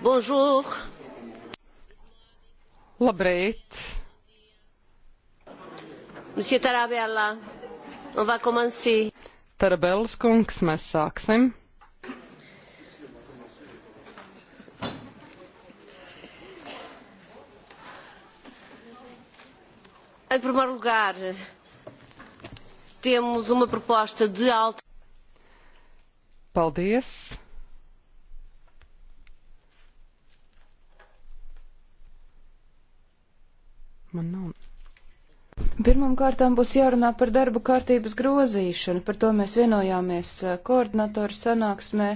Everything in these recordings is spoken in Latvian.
Bonjour! Labrīt! Monsieur Tarabella, on va commencer. Tarabellas kungs, mēs sāksim. Em primeiro lugar, temos uma proposta de alta. Paldies! Pirmam kārtām būs jārunā par darba kārtības grozīšanu, par to mēs vienojāmies eh, koordinatoru sanāksmē.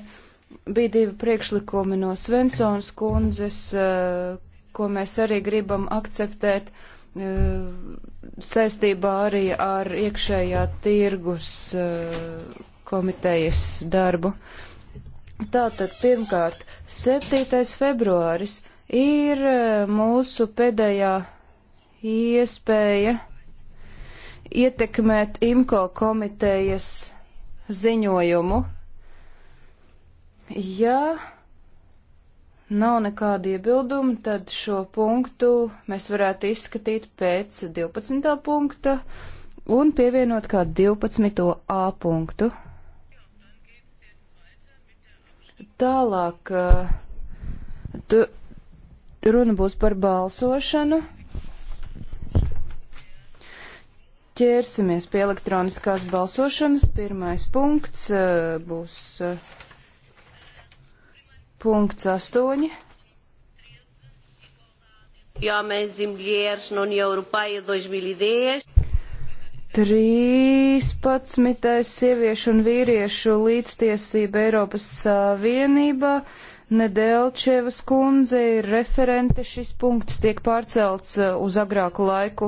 Bija divi priekšlikumi no Svensons kundzes, eh, ko mēs arī gribam akceptēt eh, saistībā arī ar iekšējā tirgus komitejas darbu. Tātad pirmkārt, 7. februāris ir mūsu pēdējā iespēja ietekmēt IMCO komitejas ziņojumu. Ja nav nekādi iebildumi, tad šo punktu mēs varētu izskatīt pēc 12. punkta un pievienot kā 12. A punktu. Tālāk eh, tu, runa būs par balsošanu. Ķersimies pie elektroniskās balsošanas. Pirmais punkts eh, būs eh, punkts astoņi. Homens e mulheres na União Europeia 2010. 13. sieviešu un vīriešu līdztiesība Eiropas Savienībā. Uh, Nedelčevas kundze ir referente, šis punkts tiek pārcelts uh, uz agrāku laiku,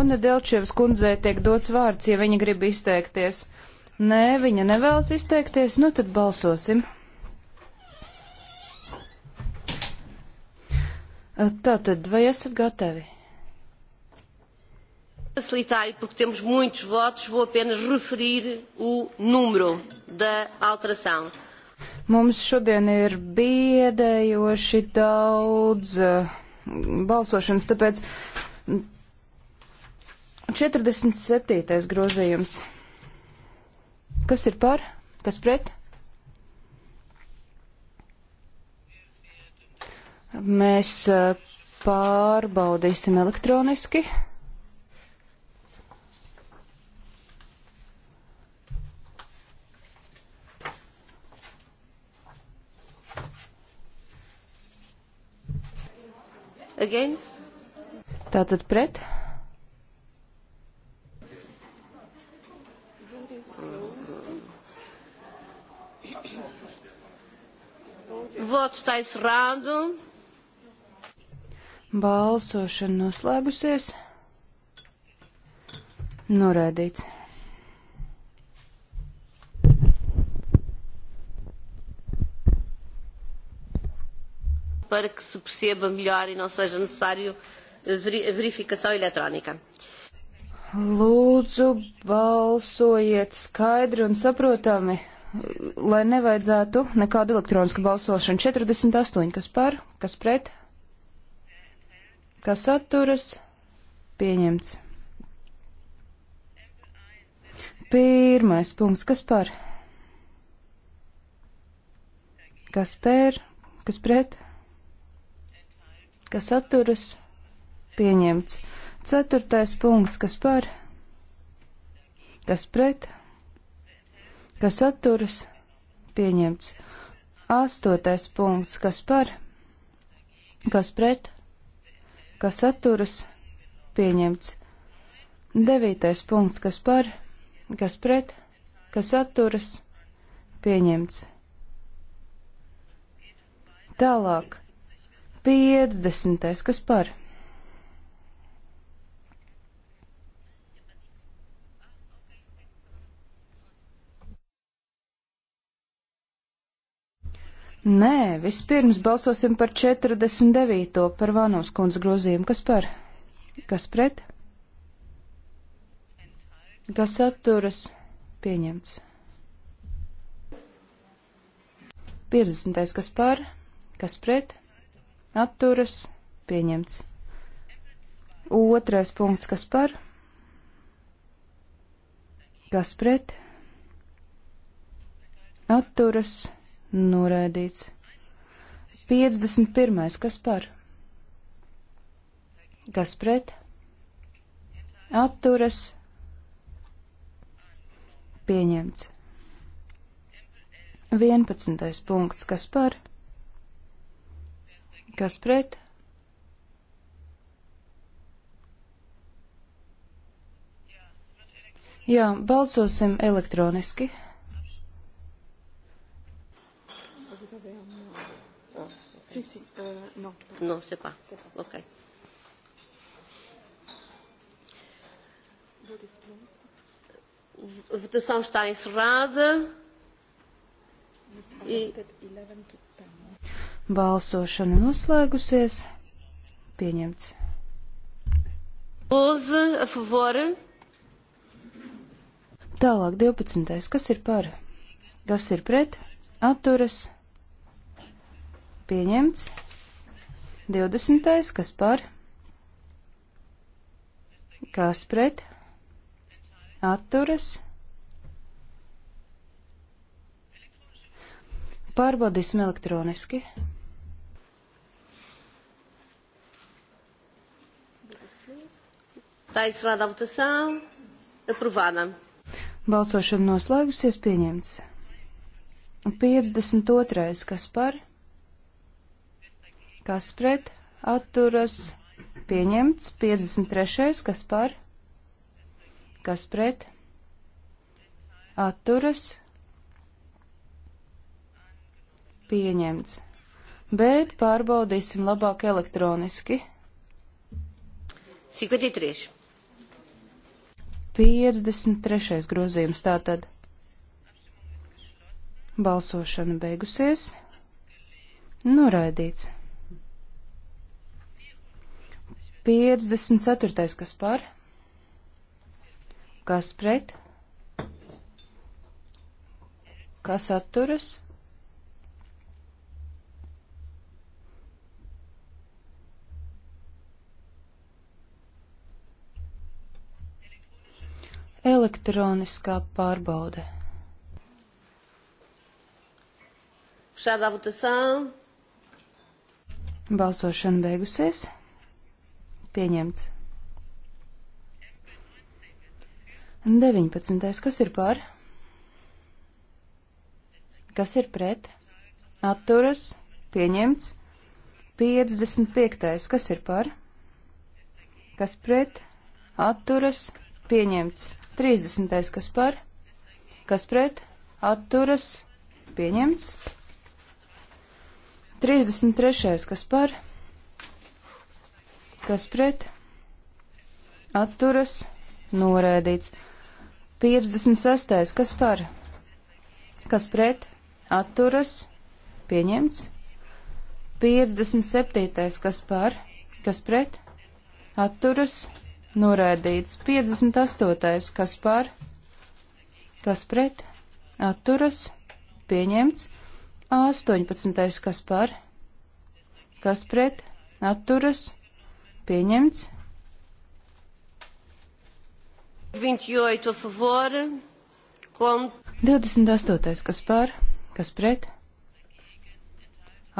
un Nedelčevas kundzē tiek dots vārds, ja viņa grib izteikties. Nē, viņa nevēlas izteikties, nu tad balsosim. Uh, tātad, vai esat gatavi? Facilitar, porque temos muitos votos, vou apenas referir o número da alteração. Mums šodien ir biedējoši daudz uh, balsošanas, tāpēc 47. grozījums. Kas ir par? Kas pret? Mēs uh, pārbaudīsim elektroniski. Against? Tātad pret. Vots taisa rādu. Balsošana noslēgusies. Norēdīts. para que se perceba melhor e não seja necessário verificação eletrónica. Lūdzu, balsojiet skaidri un saprotami, lai nevajadzētu nekādu elektronisku balsošanu. 48, kas par, kas pret, kas atturas, pieņemts. Pirmais punkts, kas par, kas pēr, kas pret, kas atturas, pieņemts. Ceturtais punkts, kas par, kas pret, kas atturas, pieņemts. Astotais punkts, kas par, kas pret, kas atturas, pieņemts. Devītais punkts, kas par, kas pret, kas atturas, pieņemts. Tālāk. 50. Kas par? Nē, vispirms balsosim par 49. par Vānos kundzes grozījumu. Kas par? Kas pret? Kas atturas? Pieņemts. 50. kas par? Kas pret? atturas, pieņemts. Otrais punkts, kas par, kas pret, atturas, noraidīts. 51. kas par, kas pret, atturas, pieņemts. 11. punkts, kas par, pret, Kas pret? Jā, balsosim elektroniski. Si, si, euh, non. Non, c'est pas. C'est pas. OK. Votação está encerrada. E... 11 to Balsošana noslēgusies. Pieņemts. Uz favori. Tālāk 12. Kas ir par? Kas ir pret? Atturas. Pieņemts. 20. Kas par? Kas pret? Atturas. Pārbaudīsim elektroniski. Taisa rada votação. Aprovada. Balsošana noslēgusies pieņemts. 52. kas par? Kas pret? Atturas. Pieņemts. 53. kas par? Kas pret? Atturas. Pieņemts. Bet pārbaudīsim labāk elektroniski. 53. 53. grozījums tātad. Balsošana beigusies. Noraidīts. 54. kas par? Kas pret? Kas atturas? Elektroniskā pārbaude. Šādā votação. Balsošana beigusies. Pieņemts. 19. Kas ir par? Kas ir pret? Atturas. Pieņemts. 55. Kas ir par? Kas pret? Atturas. Pieņemts. 30. kas par, kas pret, atturas, pieņemts. 33. kas par, kas pret, atturas, norēdīts. 56. kas par, kas pret, atturas, pieņemts. 57. kas par, kas pret, atturas, pieņemts noraidīts. 58. kas par, kas pret, atturas, pieņemts. 18. kas par, kas pret, atturas, pieņemts. 28. E favor, kom. 28. kas par, kas pret,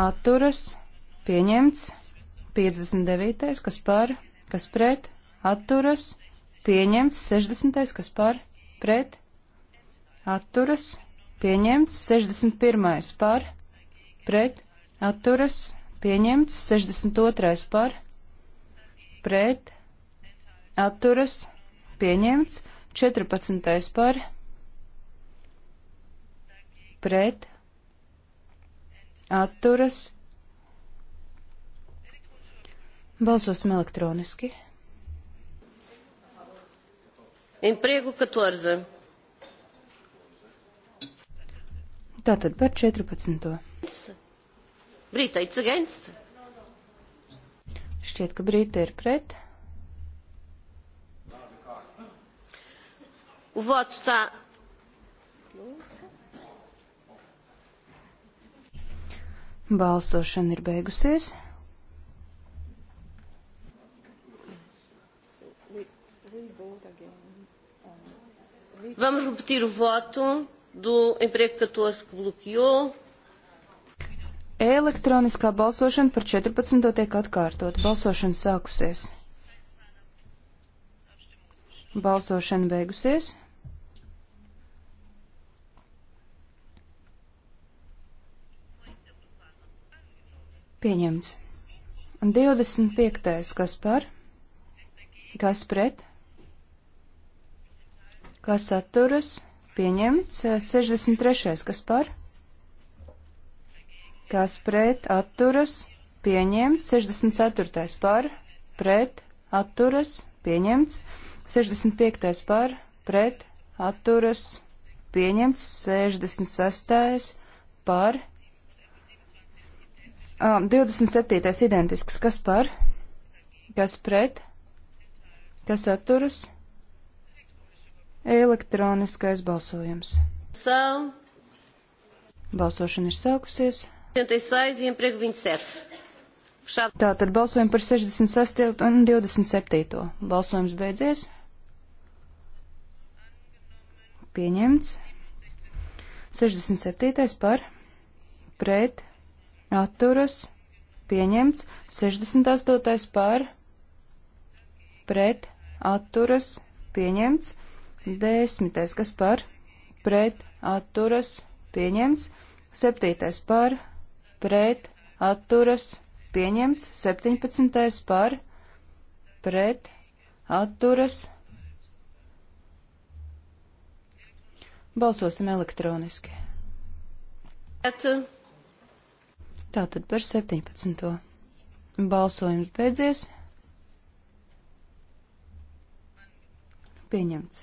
atturas, pieņemts. 59. kas par, kas pret, atturas, pieņemts 60. kas par, pret, atturas, pieņemts 61. par, pret, atturas, pieņemts 62. par, pret, atturas, pieņemts 14. par, pret, atturas. Balsosim elektroniski. Emprego 14. Tātad par 14. Brīta, it's against. Šķiet, ka Brīta ir pret. O voto está. Balsošana ir beigusies. Vamos repetir o voto do emprego 14 que bloqueou. Elektroniskā balsošana par 14. tiek atkārtot. Balsošana sākusies. Balsošana beigusies. Pieņemts. 25. kas par? Kas pret? kas atturas, pieņemts. 63. Eh, kas par, kas pret, atturas, pieņemts. 64. par, pret, atturas, pieņemts. 65. par, pret, atturas, pieņemts. 66. par, 27. Ah, identisks, kas par, kas pret, kas atturas, pieņemts Elektroniskais balsojums. São. Balsošana ir sākusies. 76 un priekš 27. Tātad balsojam par 66 un 27. Balsojums beidzies. Pieņemts. 67. par. Pret. Atturas. Pieņemts. 68. par. Pret. Atturas. Pieņemts. Desmitais, kas par, pret, atturas, pieņemts. Septītais par, pret, atturas, pieņemts. Septiņpadsmitais par, pret, atturas. Balsosim elektroniski. Tātad par 17. Balsojums beidzies. Pieņemts.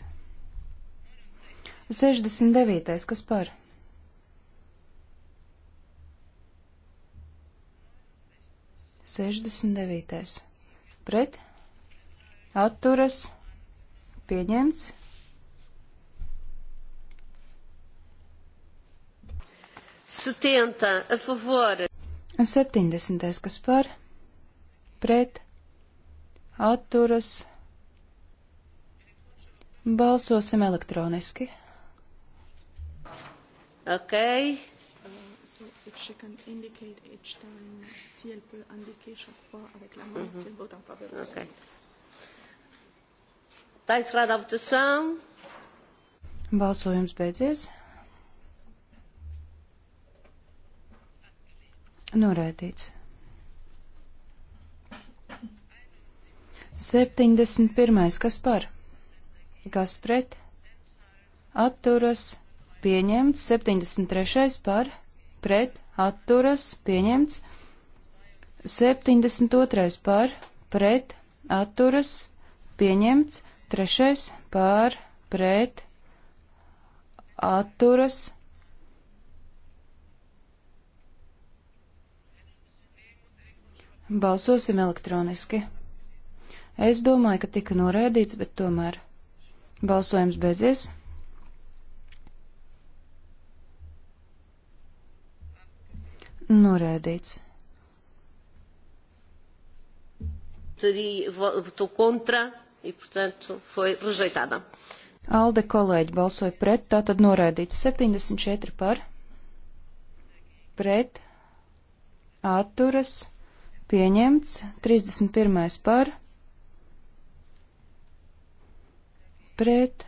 69. kas par? Sešdesmit devītais. Pret. Atturas. Pieņemts. Setenta. A favor. Septiņdesmitais. Kas par? Pret. Atturas. Balsosim elektroniski. Okay. Euh, so if she can indicate each time, si elle peut indiquer chaque fois avec la main mm -hmm. si elle vote en faveur. Okay. Taisa radavtasām. Balsojums beidzies. Norēdīts. 71. Kas par? Kas pret? Atturas pieņemts, 73. par, pret, atturas, pieņemts, 72. par, pret, atturas, pieņemts, 3. par, pret, atturas. Balsosim elektroniski. Es domāju, ka tika norēdīts, bet tomēr balsojums beidzies. Norēdīts. Votou contra e, portanto, foi rejeitada. Alde kolēģi balsoja pret, tātad norēdīts 74 par, pret, atturas, pieņemts, 31 par, pret,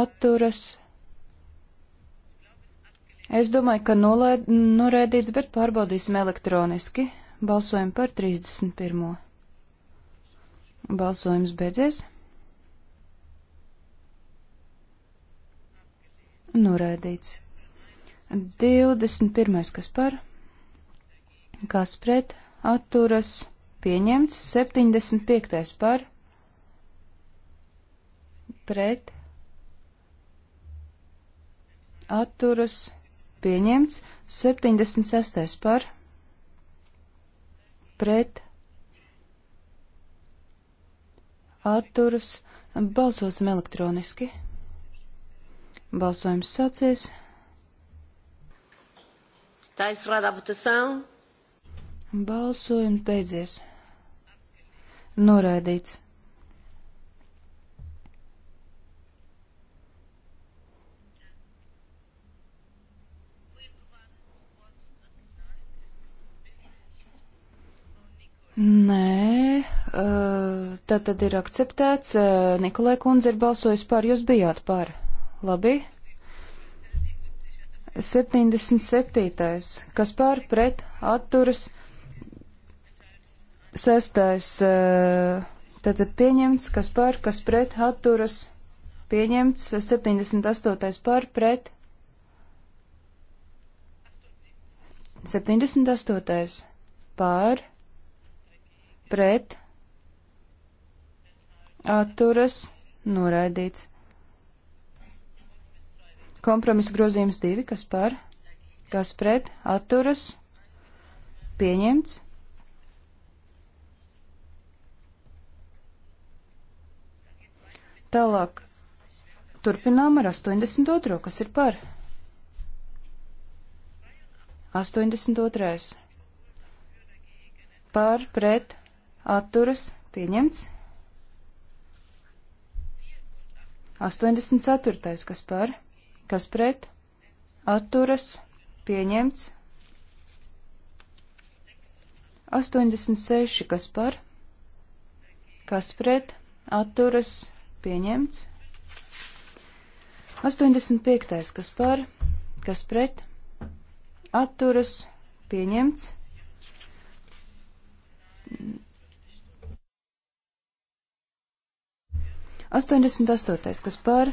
atturas, Es domāju, ka nolēd, norēdīts, bet pārbaudīsim elektroniski. Balsojam par 31. Balsojums beidzies. Norēdīts. 21. kas par? Kas pret? Atturas. Pieņemts. 75. par? Pret. Atturas pieņemts, 76. par, pret, atturas, balsosim elektroniski. Balsojums sācies. Tā izrādā votação. Balsojums beidzies. Noraidīts. Nē, tā tad ir akceptēts. Nikolai kundze ir balsojis par, jūs bijāt par. Labi. 77. Kas par, pret, atturas. 6. Tātad pieņemts, kas par, kas pret, atturas. Pieņemts 78. par, pret. 78. par pret, atturas, noraidīts. Kompromisa grozījums divi, kas par, kas pret, atturas, pieņemts. Tālāk turpinām ar 82. kas ir par. 82. par pret atturas pieņemts. 84. kas par, kas pret, atturas pieņemts. 86. kas par, kas pret, atturas pieņemts. 85. kas par, kas pret, atturas pieņemts. 88. kas par,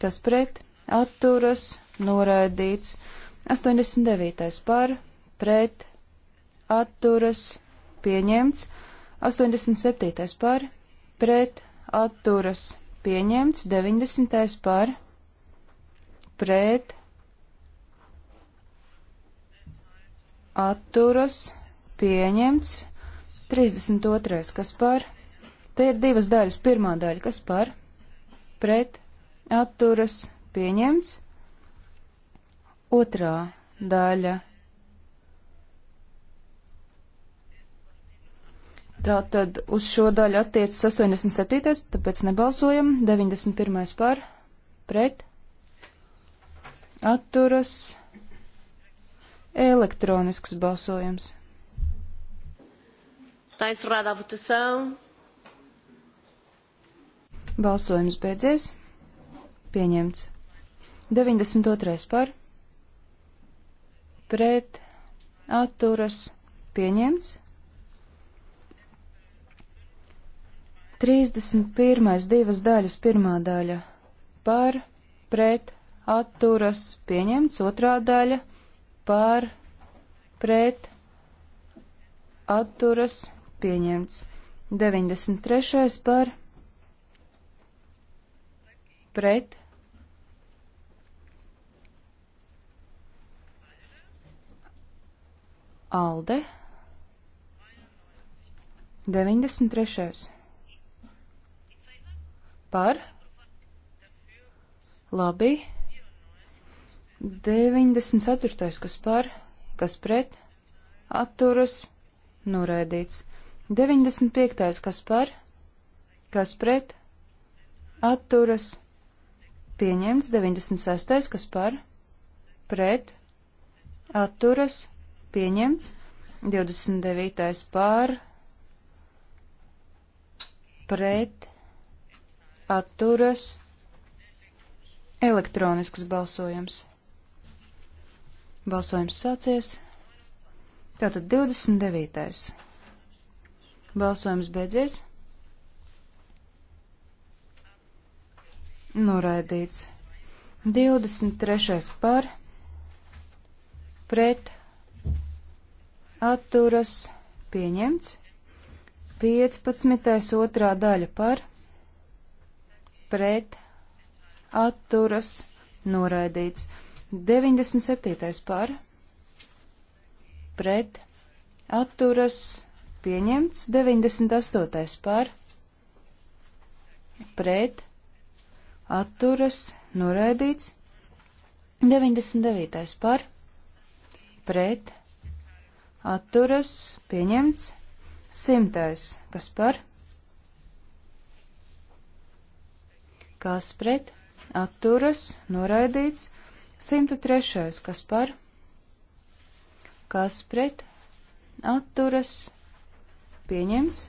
kas pret, atturas, noraidīts. 89. par, pret, atturas, pieņemts. 87. par, pret, atturas, pieņemts. 90. par, pret, atturas, pieņemts. 32. kas par, pret Te ir divas daļas. Pirmā daļa, kas par pret atturas pieņemts. Otrā daļa. Tātad uz šo daļu attiecas 87. tāpēc nebalsojam. 91. par pret atturas elektronisks balsojums. Está encerrada a votação. Balsojums beidzies. Pieņemts. 92. par. Pret. Atturas. Pieņemts. 31. divas daļas pirmā daļa. Par. Pret. Atturas. Pieņemts. Otrā daļa. Par. Pret. Atturas. Pieņemts. 93. par pret. Alde. 93. Par. Labi. 94. kas par, kas pret, atturas, noraidīts. 95. kas par, kas pret, atturas, noraidīts pieņemts 96. kas par pret atturas pieņemts 29. par pret atturas elektronisks balsojums. Balsojums sācies. Tātad 29. Balsojums beidzies. noraidīts. 23. par, pret, atturas, pieņemts. 15. otrā daļa par, pret, atturas, noraidīts. 97. par, pret, atturas, pieņemts. 98. par, pret, atturas atturas noraidīts. 99. par pret atturas pieņemts. 100. kas par kas pret atturas noraidīts. 103. kas par kas pret atturas pieņemts.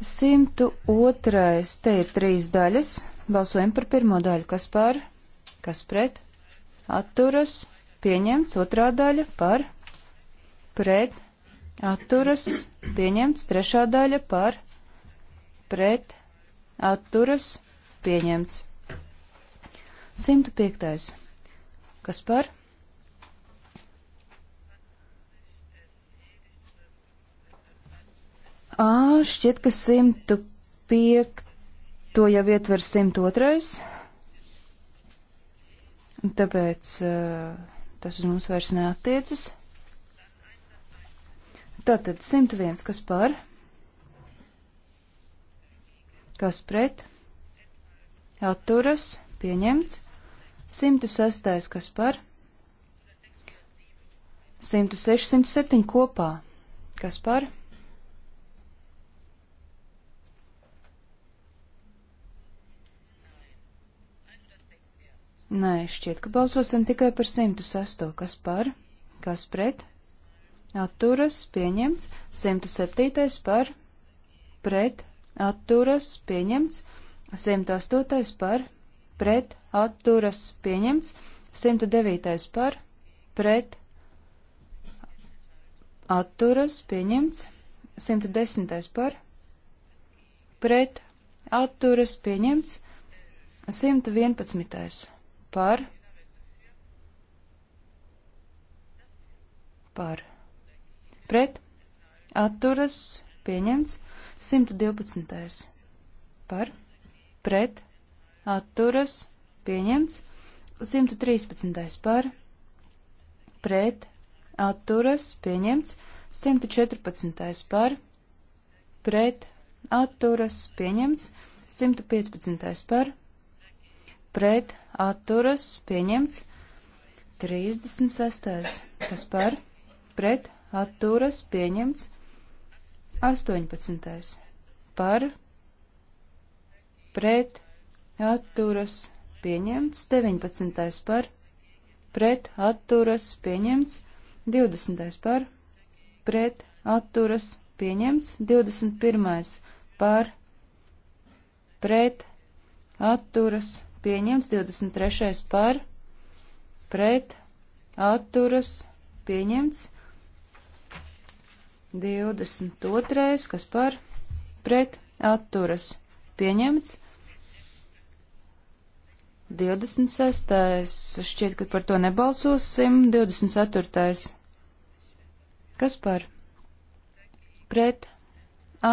102. Te ir trīs daļas. Balsojam par pirmo daļu. Kas par? Kas pret? Atturas. Pieņemts. Otrā daļa par? Pret. Atturas. Pieņemts. Trešā daļa par? Pret. Atturas. Pieņemts. 105. Kas par? Ā, šķiet, ka 105. to jau ietver 102. Tāpēc tas uz mums vairs neatiecas. Tātad 101, kas par? Kas pret? Atturas, pieņemts. 106. kas par? 106, 107 kopā. Kas par? Nē, šķiet, ka balsosim tikai par 106. Kas par? Kas pret? Atturas pieņemts. 107. par? Pret? Atturas pieņemts. 108. par? Pret? Atturas pieņemts. 109. par? Pret? Atturas pieņemts. 110. par? Pret? Atturas pieņemts. 111 par, par, pret, atturas, pieņemts, 112. par, pret, atturas, pieņemts, 113. par, pret, atturas, pieņemts, 114. par, pret, atturas, pieņemts, 115. par, pret, atturas pieņemts. 36. kas par pret atturas pieņemts. 18. par pret atturas pieņemts. 19. par pret atturas pieņemts. 20. par pret atturas pieņemts. 21. par pret atturas pieņemts atturas pieņemts, 23. par, pret, atturas, pieņemts, 22. kas par, pret, atturas, pieņemts, 26. šķiet, ka par to nebalsosim, 24. kas par, pret,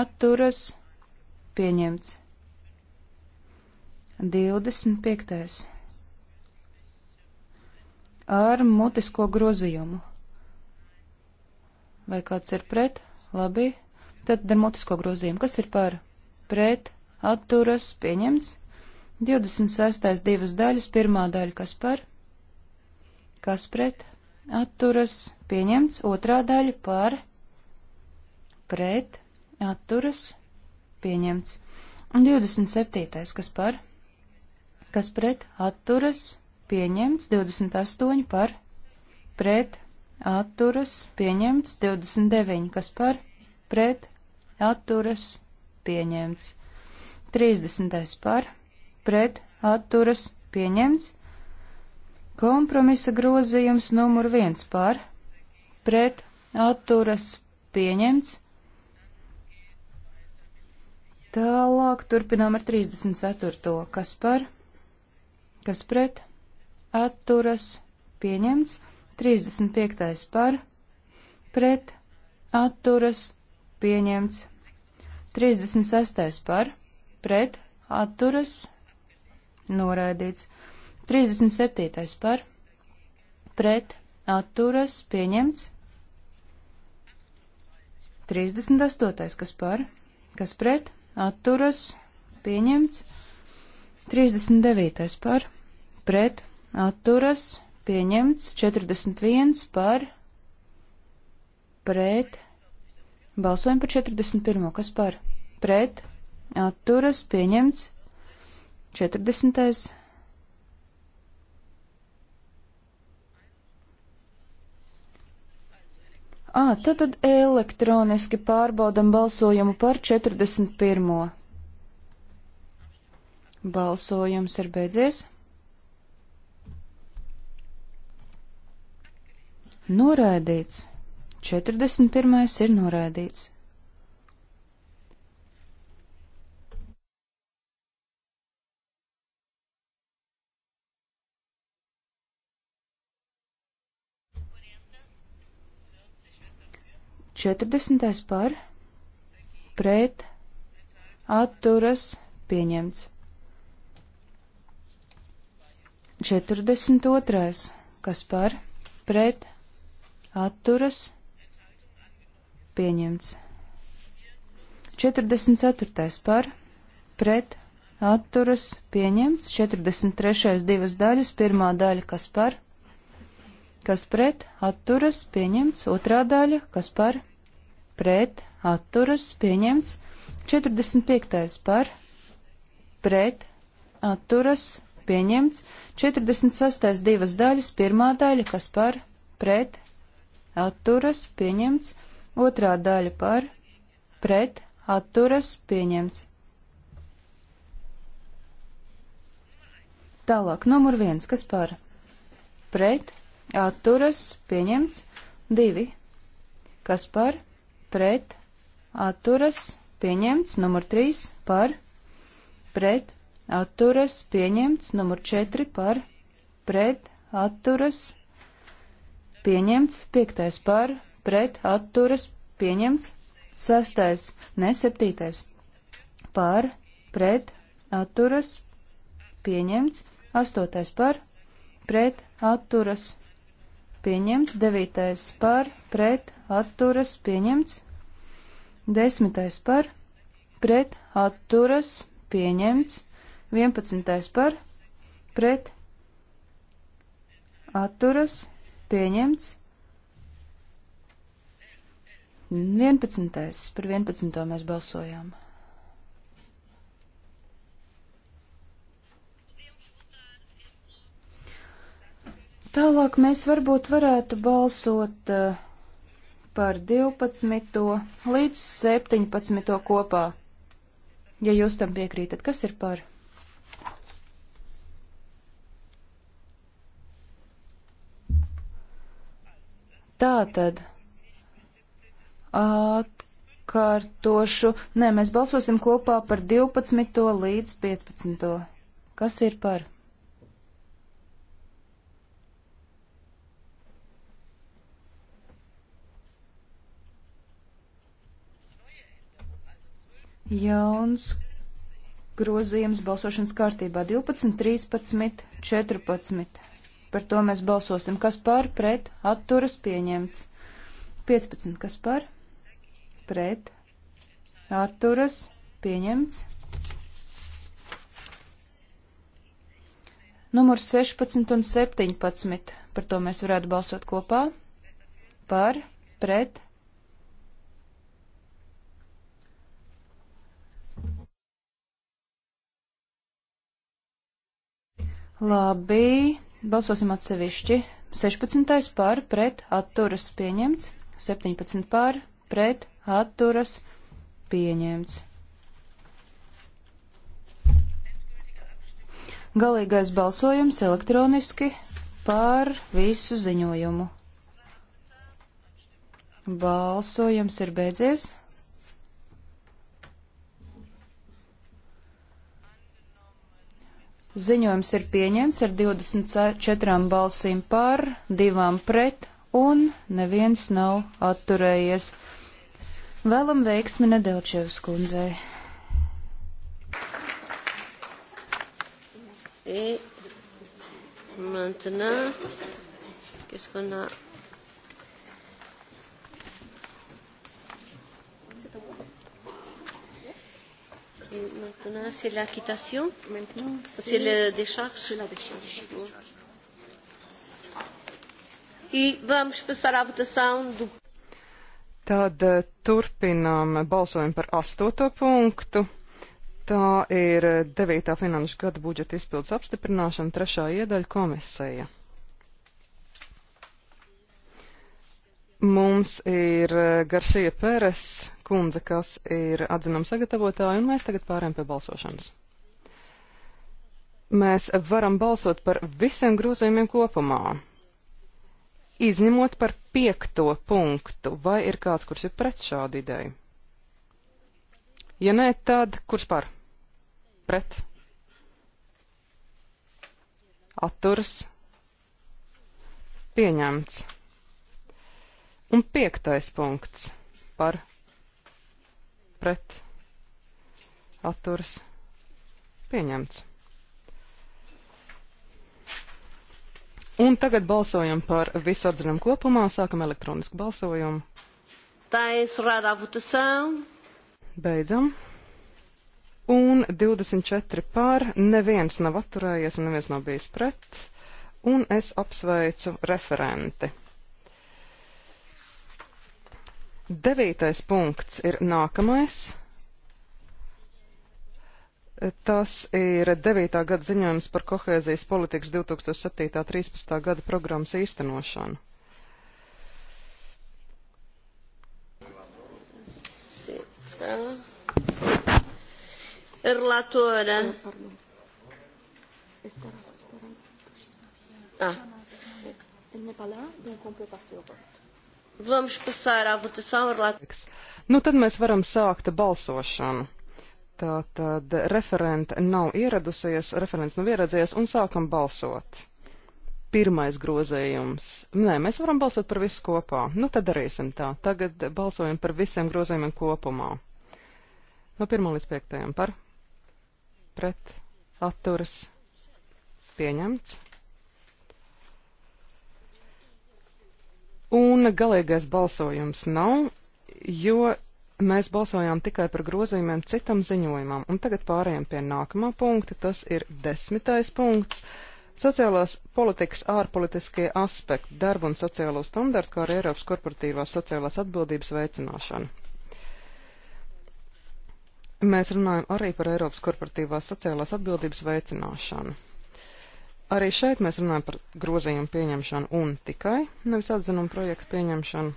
atturas, pieņemts. 25. Ar mutisko grozījumu. Vai kāds ir pret? Labi. Tad ar mutisko grozījumu. Kas ir par? Pret, atturas, pieņemts. 26. divas daļas, pirmā daļa, kas par? Kas pret? Atturas, pieņemts. Otrā daļa par? Pret, atturas, pieņemts. Un 27. kas par? kas pret atturas pieņemts 28 par, pret atturas pieņemts 29, kas par, pret atturas pieņemts 30 par, pret atturas pieņemts kompromisa grozījums numur 1 par, pret atturas pieņemts Tālāk turpinām ar 34. kas par kas pret, atturas, pieņemts, 35. par, pret, atturas, pieņemts, 36. par, pret, atturas, noraidīts, 37. par, pret, atturas, pieņemts, 38. kas par, kas pret, atturas, pieņemts, 39. par, pret atturas pieņemts 41 par pret. Balsojam par 41. Kas par? Pret atturas pieņemts 40. À, tad, tad elektroniski pārbaudam balsojumu par 41. Balsojums ir beidzies. Noraidīts. 41. ir noraidīts. Četrdesmitais par, pret, atturas, pieņemts. Četrdesmit otrais, kas par, pret, atturas pieņemts. 44. par pret atturas pieņemts. 43. divas daļas, pirmā daļa kas par, kas pret atturas pieņemts. Otrā daļa kas par pret atturas pieņemts. 45. par pret atturas pieņemts. 46. divas daļas, pirmā daļa kas par pret atturas, pieņemts. Otrā daļa par, pret, atturas, pieņemts. Tālāk, numur viens, kas par, pret, atturas, pieņemts. Divi, kas par, pret, atturas, pieņemts. Numur trīs, par, pret, atturas, pieņemts. Numur četri, par, pret, atturas, pieņemts pieņemts, piektais par, pret, atturas, pieņemts, sastais, ne septītais, par, pret, atturas, pieņemts, astotais par, pret, atturas, pieņemts, devītais par, pret, atturas, pieņemts, desmitais par, pret, atturas, pieņemts, vienpadsmitais par, pret, atturas, pieņemts, Pieņemts. 11. Par 11. mēs balsojām. Tālāk mēs varbūt varētu balsot eh, par 12. līdz 17. kopā. Ja jūs tam piekrītat, kas ir par? Tātad atkārtošu. Nē, mēs balsosim kopā par 12. līdz 15. Kas ir par? Jauns grozījums balsošanas kārtībā 12, 13, 14. Par to mēs balsosim. Kas par, pret, atturas pieņemts. 15. Kas par, pret, atturas pieņemts. Numur 16 un 17. Par to mēs varētu balsot kopā. Par, pret. Labi, Balsosim atsevišķi. 16. par pret atturas pieņemts, 17. par pret atturas pieņemts. Galīgais balsojums elektroniski par visu ziņojumu. Balsojums ir beidzies. Ziņojums ir pieņemts ar 24 balsīm par, divām pret un neviens nav atturējies. Vēlam veiksmi Nedelčevs kundzei. Et maintenant, qu'est-ce qu'on a Et maintenant, c'est l'acquittation. Maintenant, c'est la décharge. C'est la décharge. E vamos passar à votação do. Tad eh, turpinām balsojumu par astoto punktu. Tā ir eh, devītā finanšu gada budžeta izpildes apstiprināšana, trešā iedaļa komisija. Mums ir eh, Garšija Pēres kundze, kas ir atzinuma sagatavotāja, un mēs tagad pārējām pie balsošanas. Mēs varam balsot par visiem grozījumiem kopumā, izņemot par piekto punktu, vai ir kāds, kurš ir pret šādu ideju. Ja nē, tad kurš par? Pret? Atturs? Pieņemts. Un piektais punkts par pret atturs pieņemts. Un tagad balsojam par visu atzinumu kopumā, sākam elektronisku balsojumu. Tā ir surādā votação. Beidzam. Un 24 pār, neviens nav atturējies un neviens nav bijis pret. Un es apsveicu referenti. Devītais punkts ir nākamais. Tas ir 9. gada ziņojums par kohēzijas politikas 2007.13. gada programmas īstenošanu. Relatore. Ah. Elle n'est pas là, donc on peut passer au vote. Vamos passar à votação, relator. Nu, tad mēs varam sākt balsošanu. Tā tad referente nav ieradusies, referents nav ieradusies un sākam balsot. Pirmais grozējums. Nē, mēs varam balsot par visu kopā. Nu, tad darīsim tā. Tagad balsojam par visiem grozējumiem kopumā. No 1 līdz 5 par. Pret. Atturas. Pieņemts. Un galīgais balsojums nav, jo mēs balsojām tikai par grozījumiem citam ziņojumam. Un tagad pārējām pie nākamā punkta, tas ir desmitais punkts. Sociālās politikas ārpolitiskie aspekti, darba un sociālo standartu, kā arī Eiropas korporatīvās sociālās atbildības veicināšana. Mēs runājam arī par Eiropas korporatīvās sociālās atbildības veicināšanu. Arī šeit mēs runājam par grozījumu pieņemšanu un tikai, nevis atzinumu projektu pieņemšanu.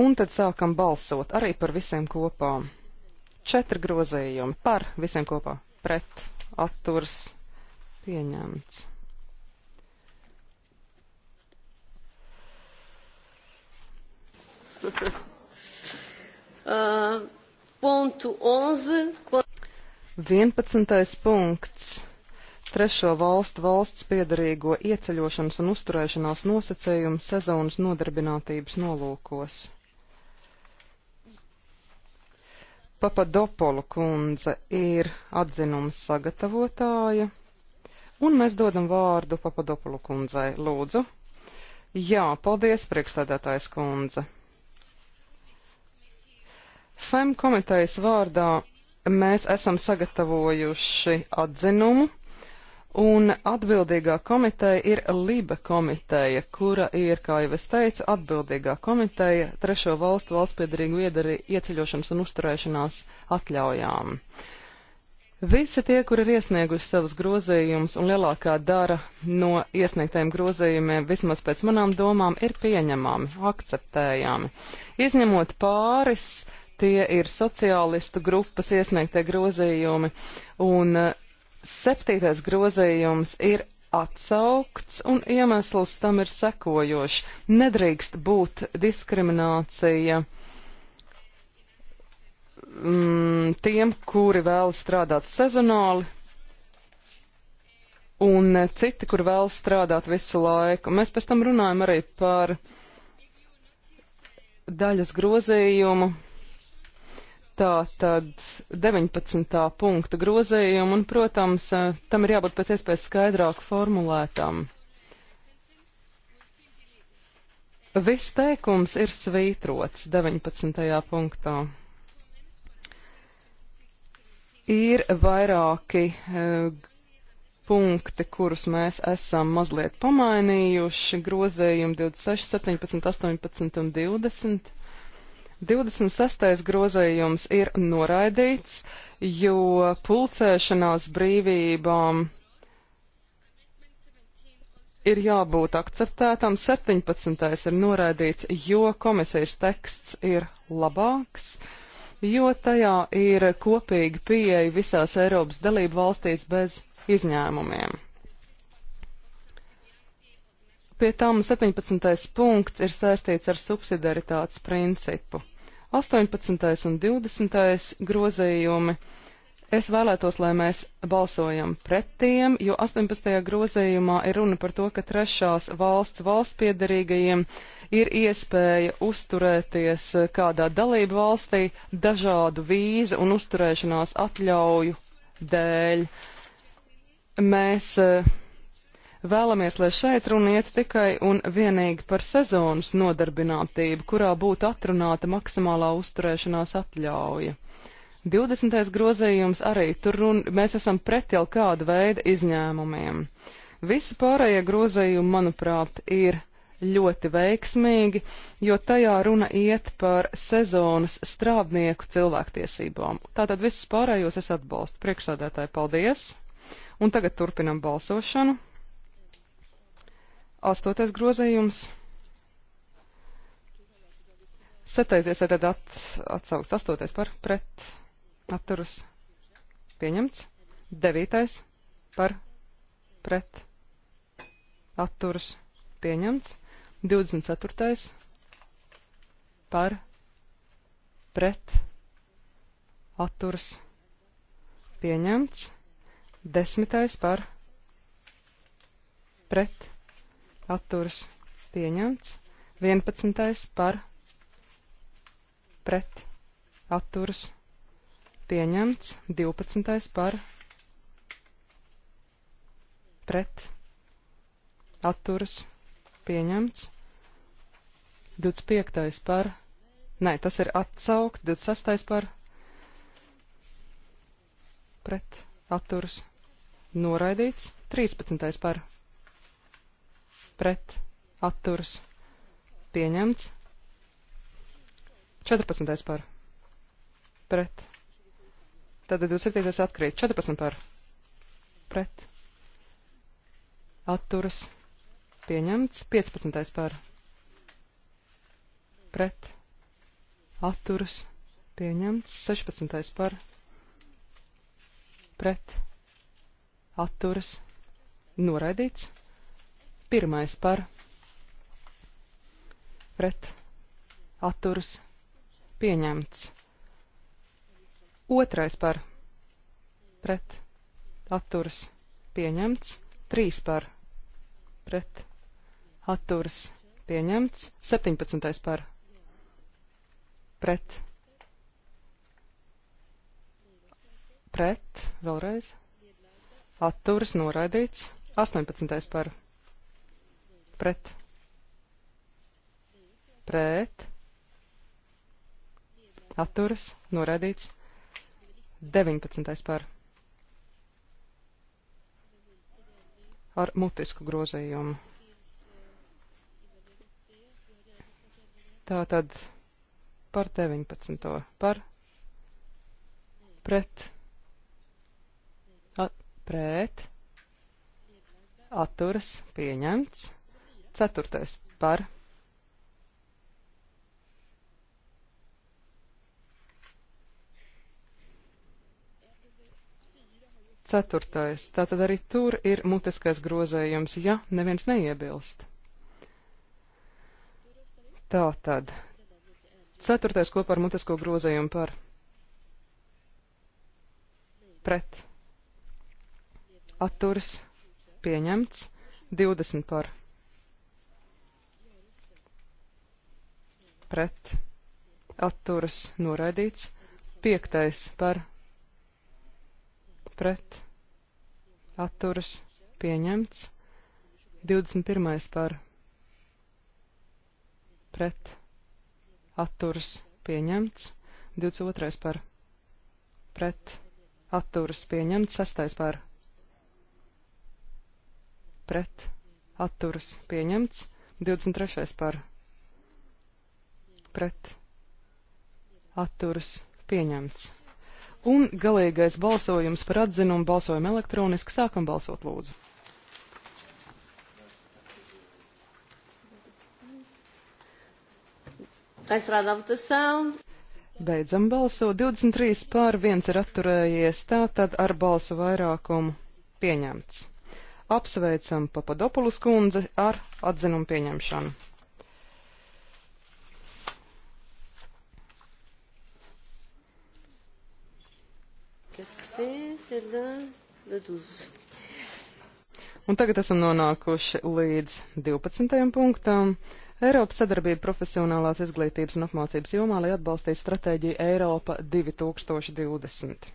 Un tad sākam balsot arī par visiem kopā. Četri grozījumi par visiem kopā. Pret, atturs, pieņemts. Uh, pontu 11. 11. punkts trešo valstu valsts piedarīgo ieceļošanas un uzturēšanās nosacījumu sezonas nodarbinātības nolūkos. Papadopolu kundze ir atzinuma sagatavotāja, un mēs dodam vārdu Papadopolu kundzei. Lūdzu! Jā, paldies, priekšsēdētājs kundze! FEM komitejas vārdā mēs esam sagatavojuši atzinumu, un atbildīgā komiteja ir Liba komiteja, kura ir, kā jau es teicu, atbildīgā komiteja trešo valstu valstspiedarīgu iedarī ieceļošanas un uzturēšanās atļaujām. Visi tie, kur ir iesnieguši savus grozījumus, un lielākā dara no iesniegtajiem grozījumiem, vismaz pēc manām domām, ir pieņemami, akceptējami. Izņemot pāris, uh, tie ir sociālistu grupas iesniegtie grozījumi, un eh, septītais grozījums ir atsaukts, un iemesls tam ir sekojošs. Nedrīkst būt diskriminācija mm, tiem, kuri vēl strādāt sezonāli, un eh, citi, kur vēl strādāt visu laiku. Mēs pēc tam runājam arī par daļas grozījumu, tā tad 19. punkta grozījumu, un, protams, tam ir jābūt pēc iespējas skaidrāk formulētam. Viss teikums ir svītrots 19. punktā. Ir vairāki e, punkti, kurus mēs esam mazliet pamainījuši, grozējumi 26, 17, 18 un 20. 26. grozējums ir noraidīts, jo pulcēšanās brīvībām ir jābūt akceptētam, 17. ir noraidīts, jo komisijas teksts ir labāks, jo tajā ir kopīga pieeja visās Eiropas dalību valstīs bez izņēmumiem. Pie tam 17. punkts ir saistīts ar subsidiaritātes principu. 18. un 20. grozījumi. Es vēlētos, lai mēs balsojam pret tiem, jo 18. grozījumā ir runa par to, ka trešās valsts valsts piedarīgajiem ir iespēja uzturēties kādā dalību valstī dažādu vīzu un uzturēšanās atļauju dēļ. Mēs uh, Vēlamies, lai šeit runa iet tikai un vienīgi par sezonas nodarbinātību, kurā būtu atrunāta maksimālā uzturēšanās atļauja. 20. grozījums arī tur run, mēs esam pret jau kādu veidu izņēmumiem. Visi pārējie grozījumi, manuprāt, ir ļoti veiksmīgi, jo tajā runa iet par sezonas strādnieku cilvēktiesībām. Tātad visus pārējos es atbalstu. Priekšsādētāji, paldies! Un tagad turpinam balsošanu. Astoties grozījums. Setēties tad at, atsaugs. Astoties par pret atturus pieņemts. Devītais par pret atturus pieņemts. 24. par pret atturus pieņemts. Desmitais par pret atturas pieņemts, 11. par pret atturas pieņemts, 12. par pret atturas pieņemts, 25. par nē, tas ir atsaukt, 26. par pret atturas noraidīts, 13. par pret pret atturs pieņemts. 14. par pret. Tātad 27. atkrīt. 14 par pret. Atturas pieņemts. 15. par pret. Atturas pieņemts. 16. par pret. Atturas noraidīts. Pirmais par pret atturas pieņemts. Otrais par pret atturas pieņemts. Trīs par pret atturas pieņemts. Septiņpadsmitais par pret pret vēlreiz atturas noraidīts. 18. par pret pret, pret, atturas, noraidīts, 19. par, ar mutisku grozījumu. Tātad par 19. par, pret, at, pret, atturas, pieņemts. Ceturtais par. Ceturtais. Tātad arī tur ir mutiskais grozējums, ja neviens neiebilst. Tātad. Ceturtais kopā ar mutisko grozējumu par. Pret. Atturs. Pieņemts. 20 par. pret atturas noraidīts, piektais par pret atturas pieņemts, 21. par pret atturas pieņemts, 22. par pret atturas pieņemts, 6. par pret atturas pieņemts, 23. par pret pret atturas pieņemts. Un galīgais balsojums par atzinumu balsojam elektroniski. Sākam balsot lūdzu. Beidzam balsot. 23 pār 1 ir atturējies, tātad ar balsu vairākumu pieņemts. Apsveicam Papadopulus kundzi ar atzinumu pieņemšanu. Un tagad esam nonākuši līdz 12. punktam. Eiropas sadarbība profesionālās izglītības un apmācības jomā, lai atbalstītu stratēģiju Eiropa 2020.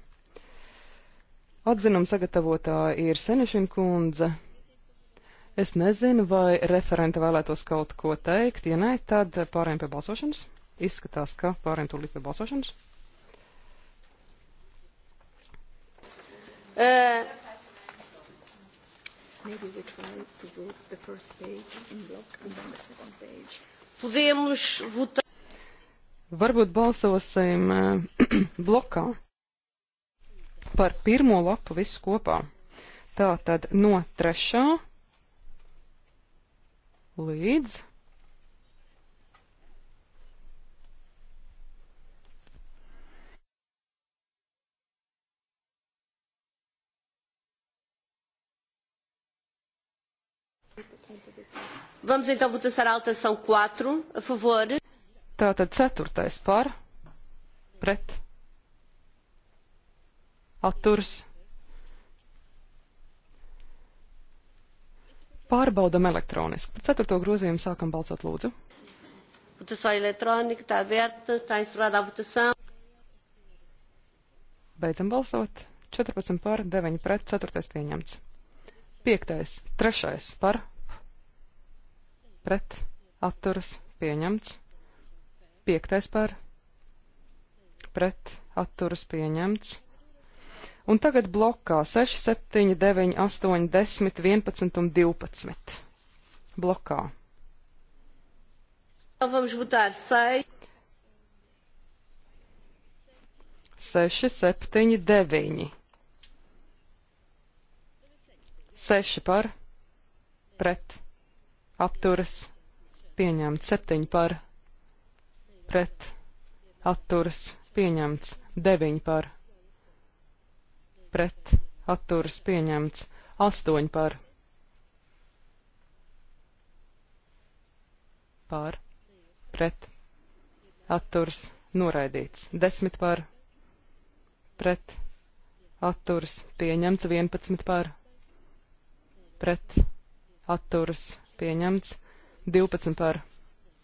Atzinuma sagatavotāja ir Senešina kundze. Es nezinu, vai referenta vēlētos kaut ko teikt. Ja nē, tad pārējiem pie balsošanas. Izskatās, ka pārējiem tūlīt pie balsošanas. Uh, Maybe we try to vote the first page in block and then the second page. Podemos votar. Varbūt balsosim uh, blokā par pirmo lapu visu kopā. Tā tad no trešā līdz Vamos então votação a alteração 4, a favor. Tātad ceturtais par, pret, atturs. Pārbaudam elektroniski. Par ceturto grozījumu sākam balsot lūdzu. Votação eletrônica está aberta, está encerrada a votação. Beidzam balsot. 14 par, 9 pret, 4 pieņemts. 5. 3. par, pret, atturas, pieņemts. Piektais par, pret, atturas, pieņemts. Un tagad blokā 6, 7, 9, 8, 10, 11 un 12. Blokā. Vamos votar 6. 6, 7, 9. 6 par, pret, apturas pieņemts 7 par pret atturas pieņemts 9 par pret atturas pieņemts 8 par par pret atturas noraidīts 10 par pret atturas pieņemts 11 par pret atturas pieņemts, 12 par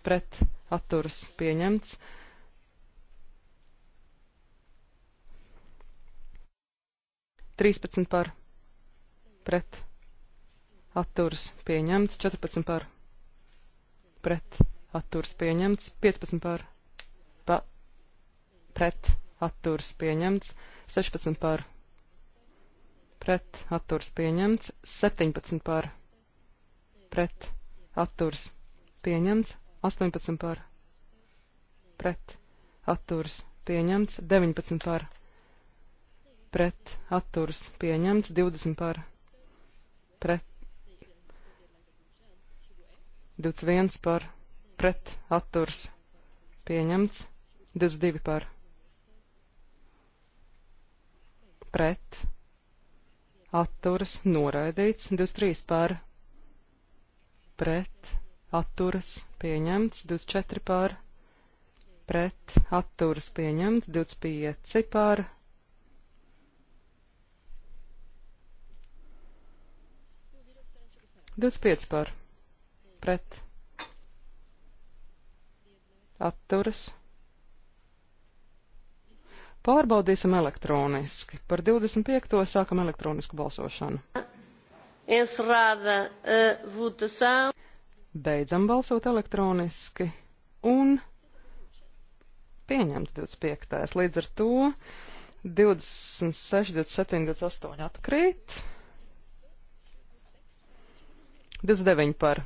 pret atturas pieņemts. Trīspadsmit par pret atturas pieņemts, četrpadsmit par pret atturs pieņemts, 15 par pa, pret atturs pieņemts, 16 par pret atturs pieņemts, 17 par pret pret atturs pieņemts, 18 par pret atturs pieņemts, 19 par pret atturs pieņemts, 20 par pret 21 par pret atturs pieņemts, 22 par pret atturs noraidīts, 23 par pret pret, atturas, pieņemts, 24 pār, pret, atturas, pieņemts, 25 pār. Divdesmit pieci par, pret, atturas. Pārbaudīsim elektroniski. Par 25. sākam elektronisku balsošanu. Encerrada a votação. Beidzam balsot elektroniski un pieņemts 25. Līdz ar to 26, 27, 28 atkrīt. 29 par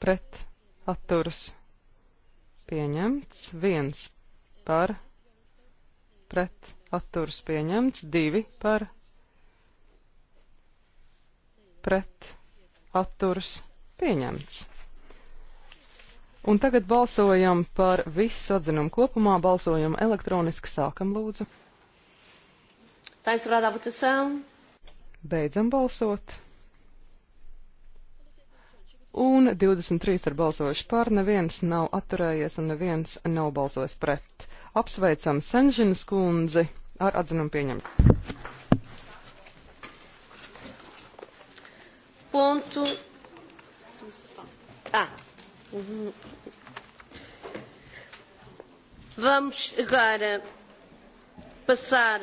pret atturas pieņemts, 1 par pret atturas pieņemts, 2 par pret pret atturs pieņemts. Un tagad balsojam par visu atzinumu kopumā, balsojam elektroniski, sākam lūdzu. Beidzam balsot. Un 23 ir balsojuši par, neviens nav atturējies un neviens nav balsojis pret. Apsveicam Senžinas kundzi ar atzinumu pieņemt. ponto. Ah. Vamos agora passar.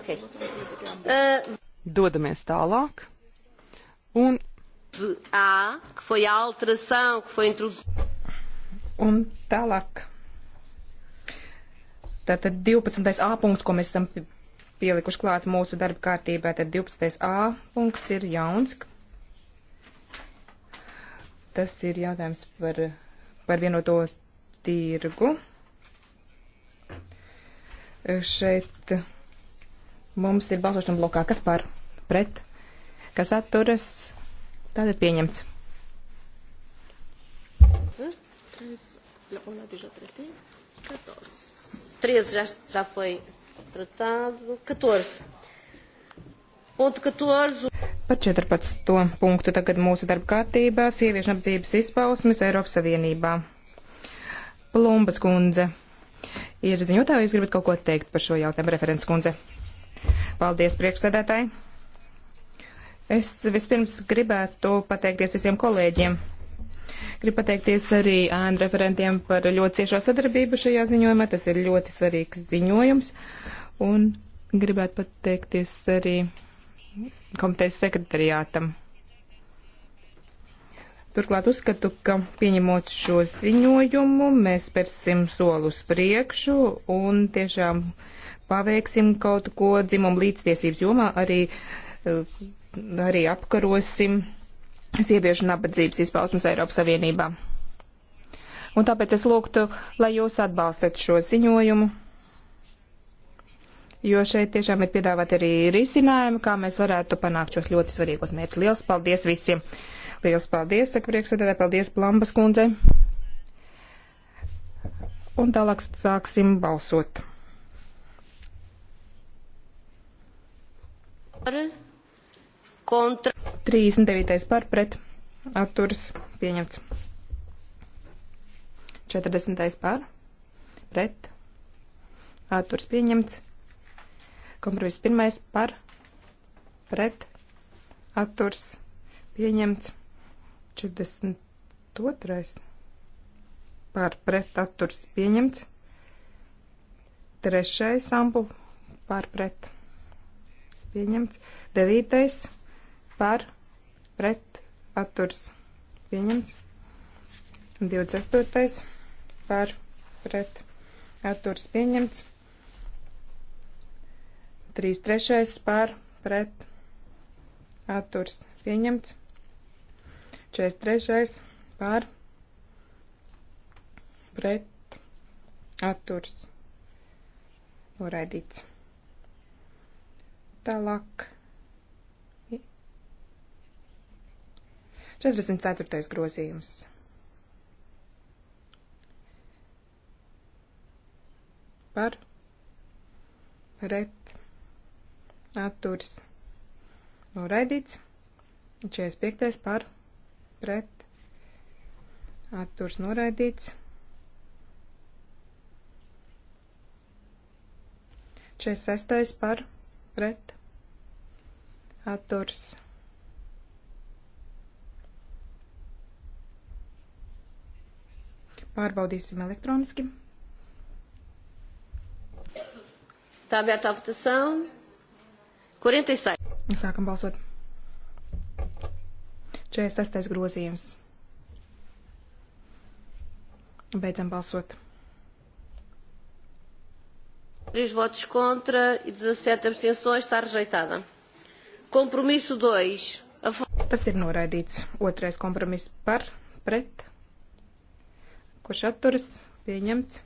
Okay. Uh, Dodamies tālāk. Un. A, que foi a alteração que foi introduzida. Un tālāk. Tātad 12. A punkts, ko mēs esam pielikuši klāt mūsu darba kārtībā, tad 12a punkts ir jauns. Tas ir jautājums par, par vienoto tirgu. Šeit mums ir balsošana blokā, kas par pret, kas atturas, tātad pieņemts. Três já, já foi tratado. 14. Ponto 14. Par 14. punktu tagad mūsu darba kārtībā - sieviešu apdzības izpausmes Eiropas Savienībā. Plumbas kundze. Ir ziņotāji, jūs gribat kaut ko teikt par šo jautājumu, referents kundze. Paldies, priekšsēdētāji. Es vispirms gribētu pateikties visiem kolēģiem. Gribu pateikties arī ēnu referentiem par ļoti ciešo sadarbību šajā ziņojumā. Tas ir ļoti svarīgs ziņojums. Un gribētu pateikties arī komitejas sekretariātam. Turklāt uzskatu, ka pieņemot šo ziņojumu, mēs spērsim solus priekšu un tiešām paveiksim kaut ko dzimumu līdztiesības jomā, arī, eh, arī apkarosim sieviešu nabadzības izpausmas Eiropas Savienībā. Un tāpēc es lūgtu, lai jūs atbalstat šo ziņojumu, jo šeit tiešām ir piedāvāti arī risinājumi, kā mēs varētu panākt šos ļoti svarīgos mērķus. Lielas paldies visiem! Lielas paldies, saka priekšsēdētāji, paldies Plambas kundzei! Un tālāk sāksim balsot. Ar kontra. 39. par pret atturas pieņemts. 40. par pret atturas pieņemts. Kompromiss pirmais par pret atturas pieņemts. 42. par pret atturas pieņemts. Trešais ampul par pret pieņemts. Devītais par pret atturs pieņemts. 28. par pret atturs pieņemts. 3 trešais par pret atturs pieņemts. 4 trešais par pret atturs noraidīts. Tālāk. 44. grozījums. Par ret atturs noraidīts. 45. par pret atturs noraidīts. 46. par pret atturs noraidīts. Pārbaudīsim elektroniski. Tā vērtā votação. Kurintesai. Sākam balsot. 46. grozījums. Beidzam balsot. 3 votos contra e 17 abstenções está rejeitada. Compromisso 2. Tas ir noraidīts. Otrais kompromiss par, pret, kurš atturas pieņemts.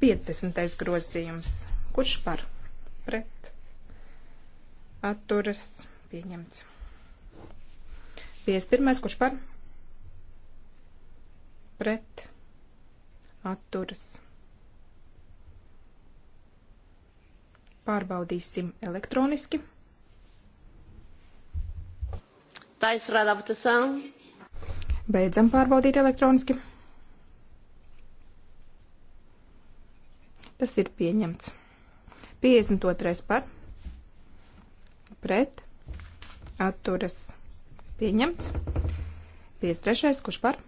Piecdesmitais grozījums, kurš par pret atturas pieņemts. 51. kurš par pret atturas. Pārbaudīsim elektroniski. Está encerrada a votação. Beidzam pārbaudīt elektroniski. Tas ir pieņemts. 52. par. Pret. Atturas. Pieņemts. 53. kurš par.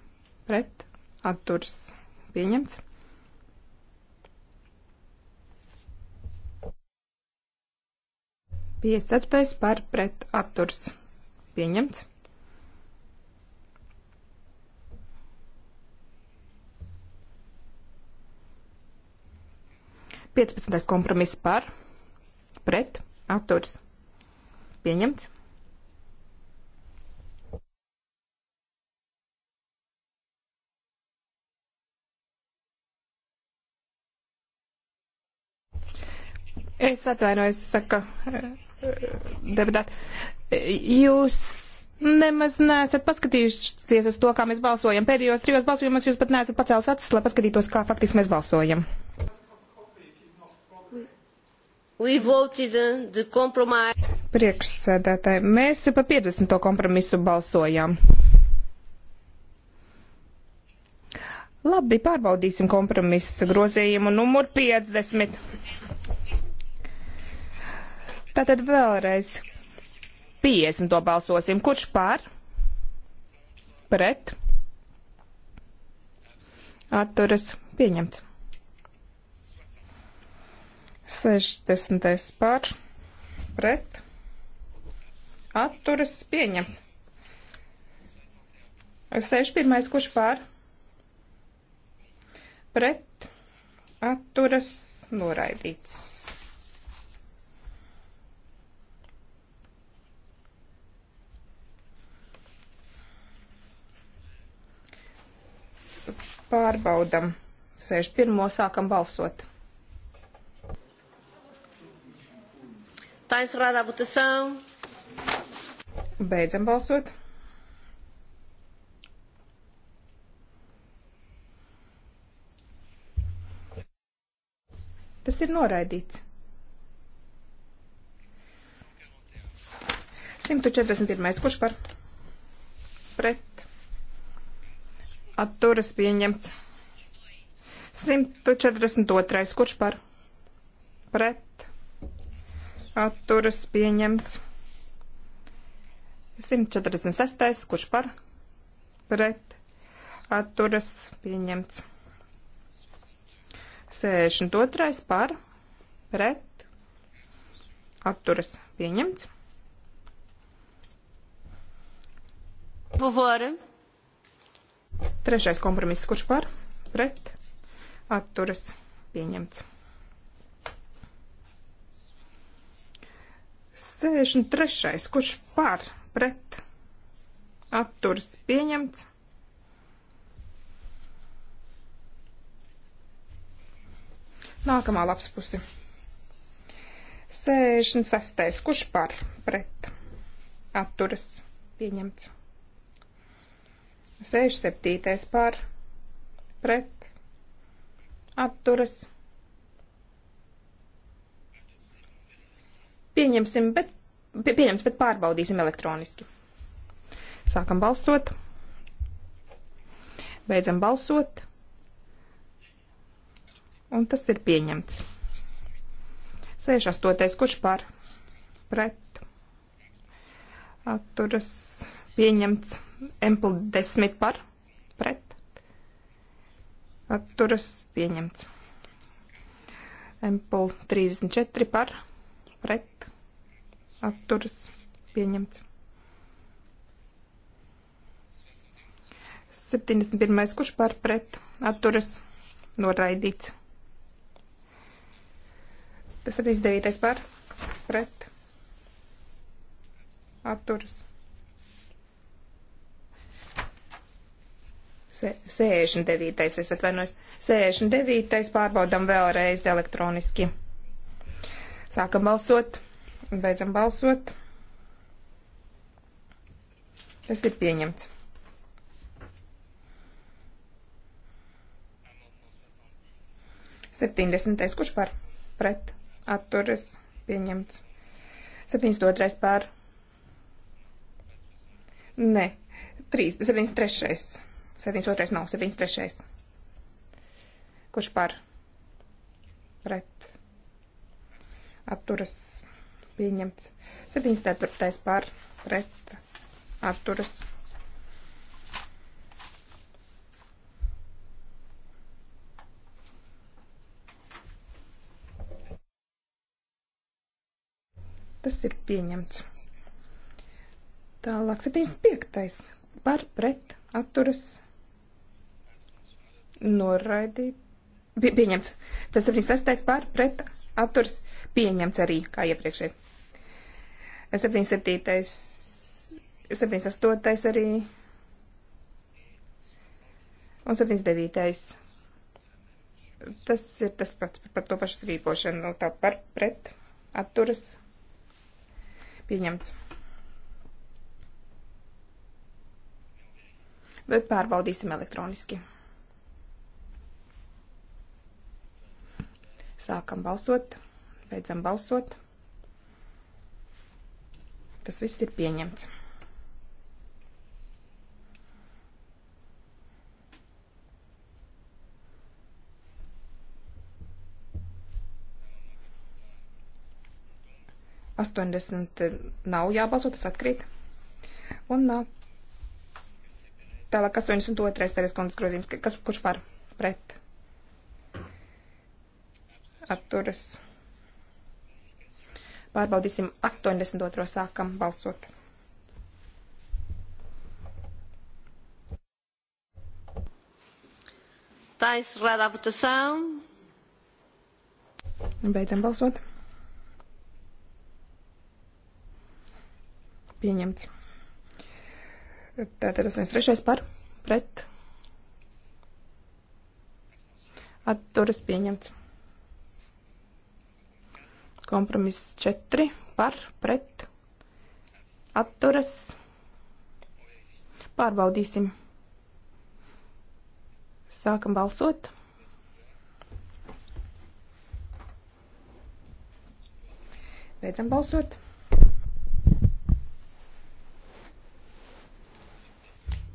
Pret. Atturas. Pieņemts. Piecieturtais par pret atturs. Pieņemts. Piecpadsmitais kompromiss par, pret, atturs. Pieņemts. Es atvainojos, saka deputāti, jūs nemaz neesat paskatījušies uz to, kā mēs balsojam. Pēdējos trijos balsojumos jūs pat neesat pacēlis acis, lai paskatītos, kā faktiski mēs balsojam. Uh, Priekšsēdētāji, mēs par 50. kompromisu balsojām. Labi, pārbaudīsim kompromisu grozījumu numur 50. Tātad vēlreiz 50 to balsosim. Kurš pār? Pret? Atturas pieņemts. 60. pār? Pret? Atturas pieņemts. 61. kurš pār? Pret? Atturas noraidīts. Pārbaudam. 61. sākam balsot. Tā encerrada a votação. Beidzam balsot. Tas ir noraidīts. 141. Kurš par? Pret atturas pieņemts. 142. Kurš par? Pret. Atturas pieņemts. 146. Kurš par? Pret. Atturas pieņemts. 62. par? Pret. Atturas pieņemts. Favora. Trešais kompromiss, kurš par, pret, atturas, pieņemts. 63. kurš par, pret, atturas, pieņemts. Nākamā lapas pusi. 66. kurš par, pret, atturas, pieņemts. 67. par pret atturas. Pieņemsim, bet, pieņems, bet pārbaudīsim elektroniski. Sākam balsot. Beidzam balsot. Un tas ir pieņemts. 68. kurš par pret atturas pieņemts Empl 10 par pret. Atturas pieņemts. Empl 34 par pret. Atturas pieņemts. 71. kurš par pret atturas noraidīts. Tas ir 9. par pret atturas 69. Es atvainojos. 69. pārbaudam vēlreiz elektroniski. Sākam balsot. Beidzam balsot. Tas ir pieņemts. Septiņdesmitais, kurš par pret atturas pieņemts. Septiņdesmit otrais par. Nē, trīs, septiņdesmit trešais. 72. nav, 73. Kurš par? Pret. Atturas pieņemts. 74. par. Pret. Atturas pieņemts. tas ir pieņemts. Tālāk 75. par pret atturas noraidīt, pie, pieņemts. Tas 76. pār pret atturs pieņemts arī, kā iepriekšējais. 77. 78. arī un 79. Tas ir tas pats par, par to pašu strīpošanu, nu, tā par pret atturas pieņemts. Bet pārbaudīsim elektroniski. Sākam balsot, beidzam balsot. Tas viss ir pieņemts. Astoņdesmit eh, nav jābalso, tas atkrīt. Un eh, tālāk 82. teres kundas grozījums, kas, kurš par pret atturas. Pārbaudīsim 82. sākam balsot. Está encerrada a votação. Beidzam balsot. Pieņemts. Tātad 83. par pret. Atturas pieņemts. Kompromiss 4 par pret atturas. Pārbaudīsim. Sākam balsot. Beidzam balsot.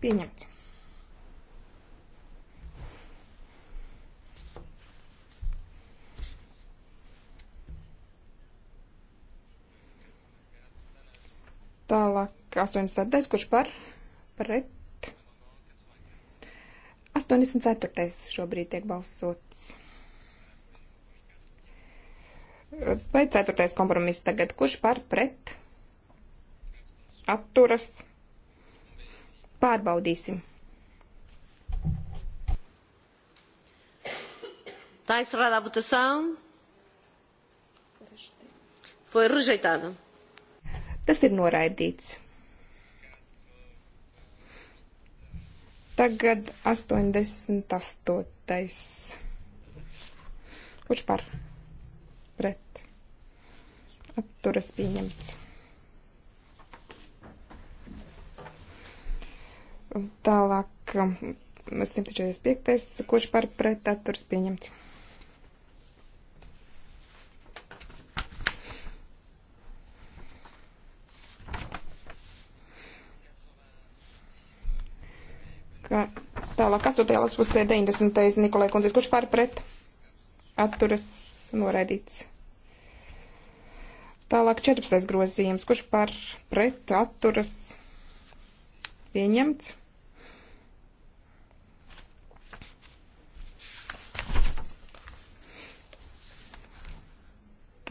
Pieņemts. 84. kurš par pret. 84. šobrīd tiek balsots. Vai 4. kompromiss tagad, kurš par pret atturas? Pārbaudīsim. Está encerrada a votação. Foi rejeitada. Tas ir noraidīts. Tagad 88. Kurš par? Pret. Atturas pieņemts. Tālāk 145. Um, Kurš par pret atturas pieņemts? Ka, tālāk, 8. lapas pusē 90. Nikolai Kundzis, kurš pār pret atturas noraidīts. Tālāk 14. grozījums, kurš par pret atturas pieņemts.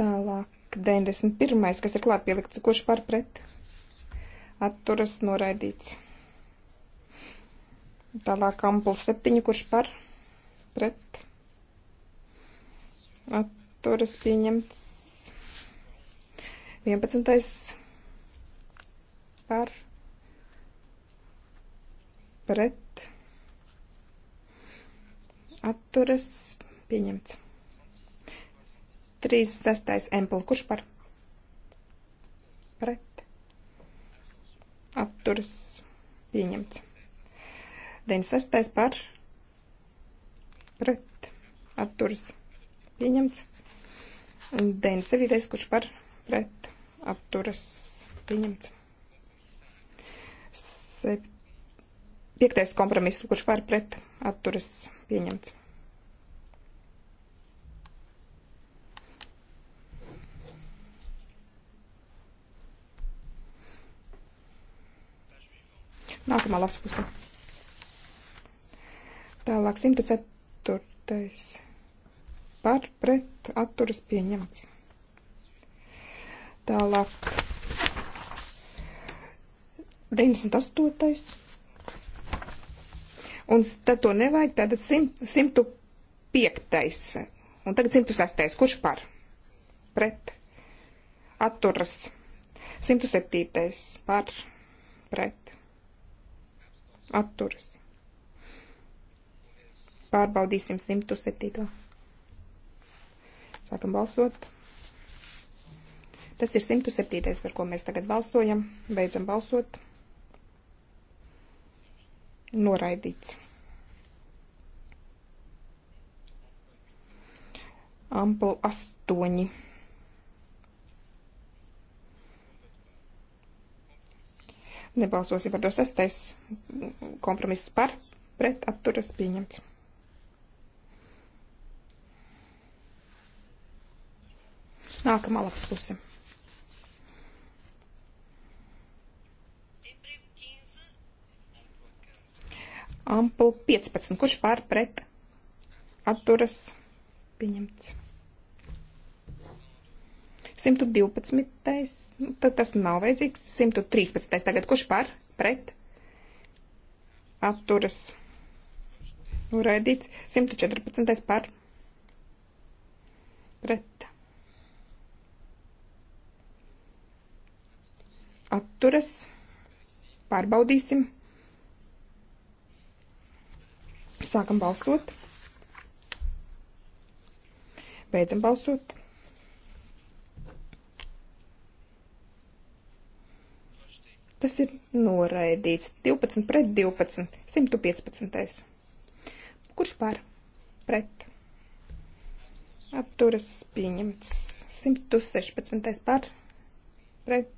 Tālāk 91. kas ir klāt pielikts, kurš par pret atturas noraidīts. Tālāk ampul 7, kurš par pret atturas pieņemts 11. par pret atturas pieņemts 36. ampul, kurš par pret atturas pieņemts 96. par pret atturas pieņemts. 97. kurš par pret atturas pieņemts. 5. kompromiss, kurš par pret atturas pieņemts. Nākamā lapas puse. Tālāk 104. par pret atturas pieņemts. Tālāk 98. Un tad to nevajag, tad 105. Un tagad 106. Kurš par? Pret. Atturas. 107. Par. Pret. Atturas. Pārbaudīsim 107. Sākam balsot. Tas ir 107. par ko mēs tagad balsojam. Beidzam balsot. Noraidīts. Ampli 8. Nebalsosim par to sastais kompromiss par, pret atturas pieņemts. Nākamā lapas puse. Ampul 15. Kurš pār pret? Atturas. Pieņemts. 112. Nu, Tad tas nav vajadzīgs. 113. Tagad kurš pār pret? Atturas. Noraidīts. 114. par pret atturas, pārbaudīsim. Sākam balsot. Beidzam balsot. Tas ir noraidīts. 12 pret 12. 115. Kurš par? Pret. Atturas pieņemts. 116. par. Pret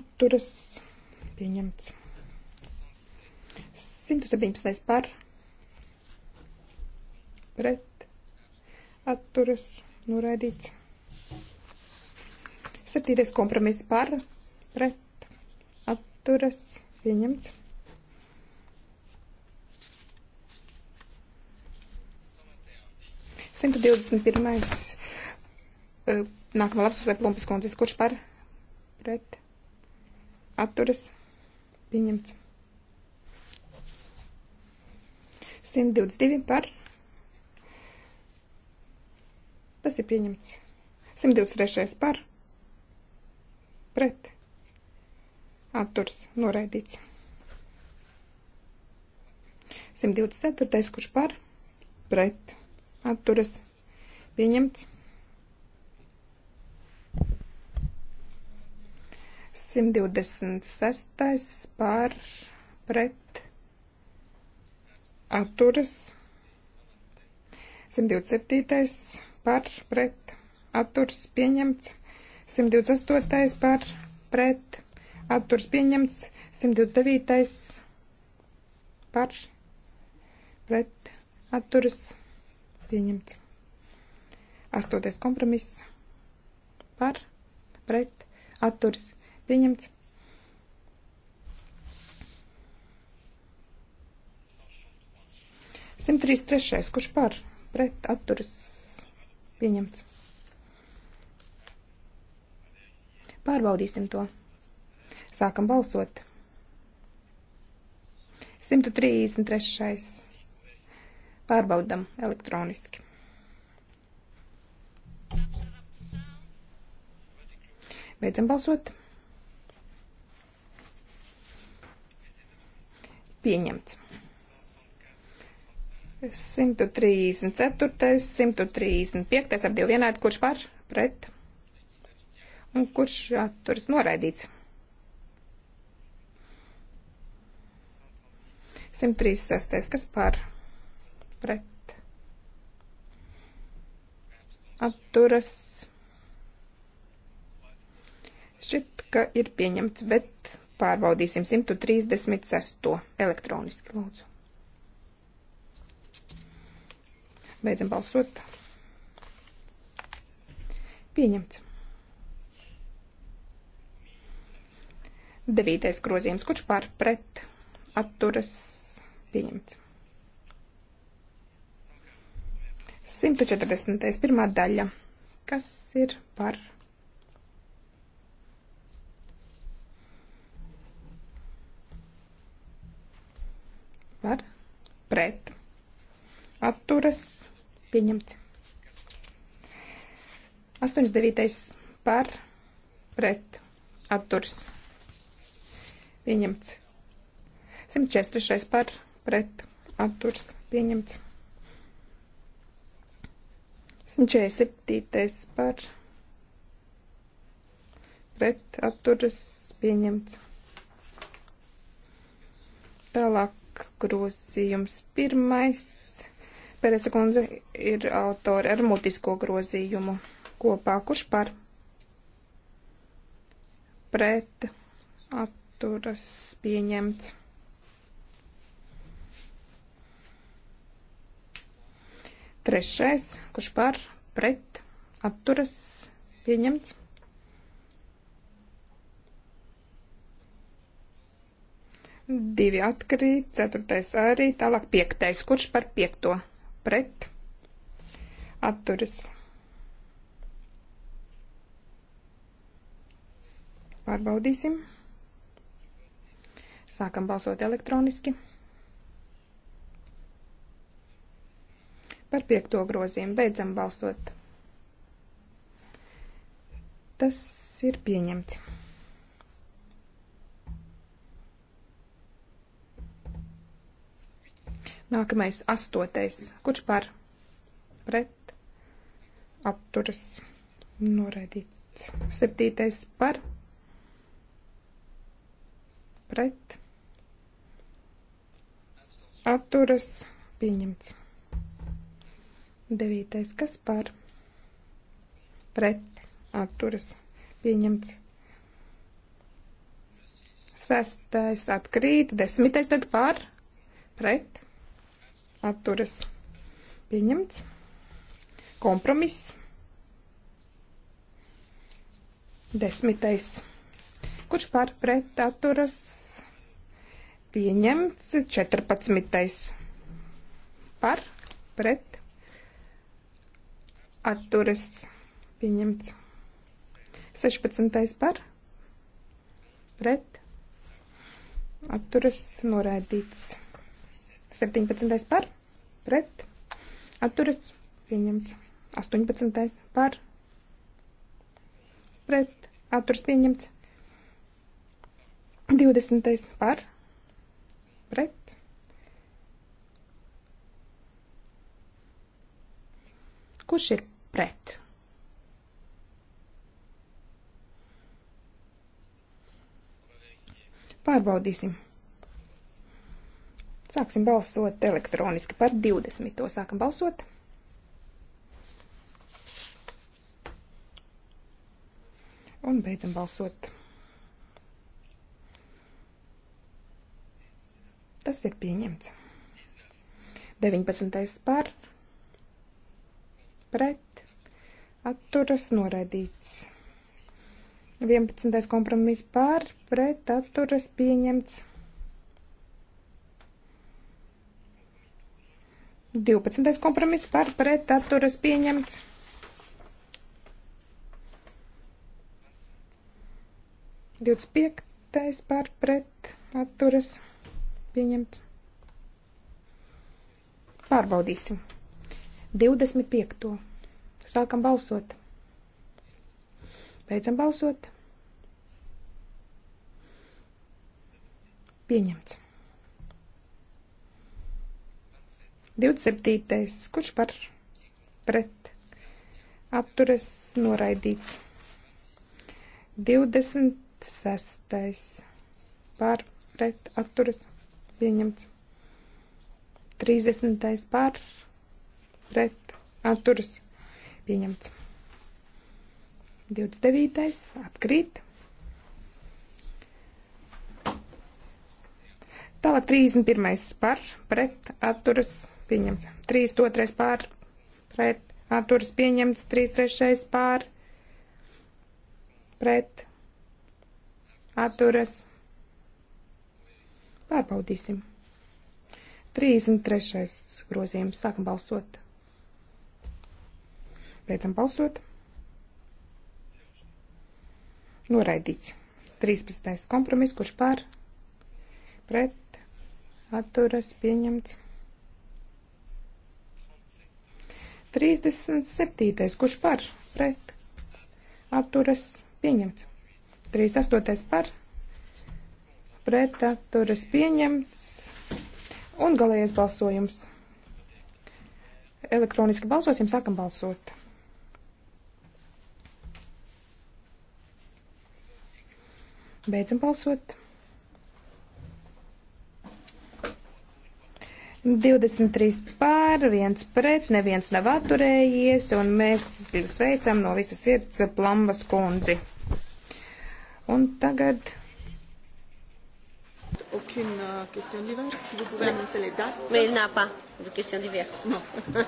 atturas pieņemts. 117. par pret atturas noraidīts. 7. kompromiss par pret atturas pieņemts. 121. Eh, nākamā lapspusē plumpas kundzes, kurš par pret atturas pieņemts. 122 par. Tas ir pieņemts. 123 par. Pret. Atturs noraidīts. 124, kurš par. Pret. Atturas pieņemts. 126. par pret atturas. 127. par pret atturas pieņemts. 128. par pret atturas pieņemts. 129. par pret atturas pieņemts. 8. kompromiss par pret atturas Pieņemts. Simt trīs trešais, kurš par pret atturas pieņemts. Pārbaudīsim to. Sākam balsot. 133. Pārbaudam elektroniski. Beidzam balsot. pieņemts. 134, 135 ar divu vienādu, kurš par, pret un kurš atturas noraidīts. 136, kas par, pret, atturas. Šķiet, ka ir pieņemts, bet Pārbaudīsim 136. elektroniski, lūdzu. Beidzam balsot. Pieņemts. Devītais grozījums, kurš pār pret atturas pieņemts. 141. pirmā daļa. Kas ir par pret? par pret atturas pieņemts. 89. par pret atturas pieņemts. 143. par pret atturas pieņemts. 147. par pret atturas pieņemts. Tālāk grozījums pirmais. Pērēsa kundze ir autori ar mutisko grozījumu kopā. Kurš par? Pret atturas pieņemts. Trešais, kurš par, pret, atturas, pieņemts. Divi atkrīt, ceturtais arī, tālāk piektais. Kurš par piekto? Pret. Atturis. Pārbaudīsim. Sākam balsot elektroniski. Par piekto grozījumu beidzam balsot. Tas ir pieņemts. Nākamais astotais. Kurš par? Pret. Atturas. Noraidīts. Septītais par. Pret. Atturas. Pieņemts. Devītais. Kas par? Pret. Atturas. Pieņemts sestais atkrīt, desmitais tad par, pret, atturas pieņemts. Kompromiss. Desmitais. Kurš par pret atturas pieņemts? 14. Par pret atturas pieņemts. 16. par pret atturas noraidīts. 17. par pret atturas pieņemts. 18. par pret atturas pieņemts. 20. par pret. Kurš ir pret? Pārbaudīsim. Sāksim balsot elektroniski par 20. Sākam balsot. Un beidzam balsot. Tas ir pieņemts. 19. par pret atturas noraidīts. 11. kompromiss par pret atturas pieņemts. 12. kompromiss par pret atturas pieņemts. Divdesmit piektais par pret atturas pieņemts. Pārbaudīsim. 25. Sākam balsot. Beidzam balsot. Pieņemts. 27. Kurš par pret atturas noraidīts? 26. Par pret atturas pieņemts. 30. Par pret atturas pieņemts. 29. Atkrīt. Tālāk 31. par pret atturas pieņemts pieņemts. 3, 2, pār, pret, atturas pieņemts. 3, 3, pār, pret, atturas. Pārbaudīsim. 33. grozījums. Sākam balsot. Beidzam balsot. Noraidīts. 13. kompromiss, kurš pār, pret, atturas, pieņemts. 37. kurš par pret atturas pieņemts. 38. par pret atturas pieņemts. Un galējais balsojums. Elektroniski balsosim, sākam balsot. Beidzam balsot. 23 pār, viens pret, neviens nav atturējies, un mēs sveicam no visas sirds plambas kundzi. Un tagad. Aucune uh, question diverse, vous pouvez annoncer les dates. Mais il n'a pas de questions diverses. Non.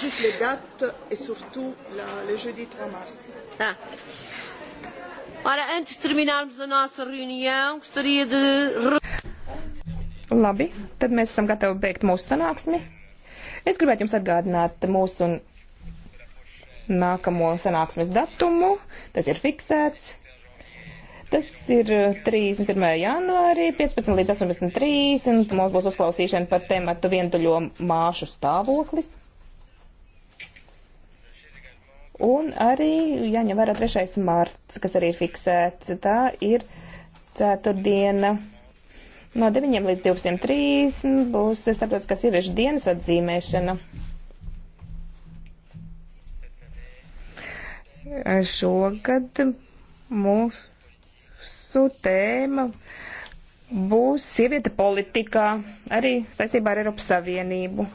Juste les dates et surtout la, le jeudi 3 mars. Ah. Ora, antes de terminarmos a nossa reunião, gostaria de. Labi, tad mēs esam gatavi beigt mūsu sanāksmi. Es gribētu jums atgādināt mūsu nākamo sanāksmes datumu. Tas ir fiksēts. Tas ir 31. janvārī, 15 līdz 18.30. Mums būs uzklausīšana par tematu vientuļo māšu stāvoklis. Un arī jāņem vērā 3. marts, kas arī ir fiksēts. Tā ir ceturtdiena. No 9 līdz 203 būs starptautiskā sieviešu dienas atzīmēšana. Šogad mūsu tēma būs sieviete politikā, arī saistībā ar Eiropas Savienību.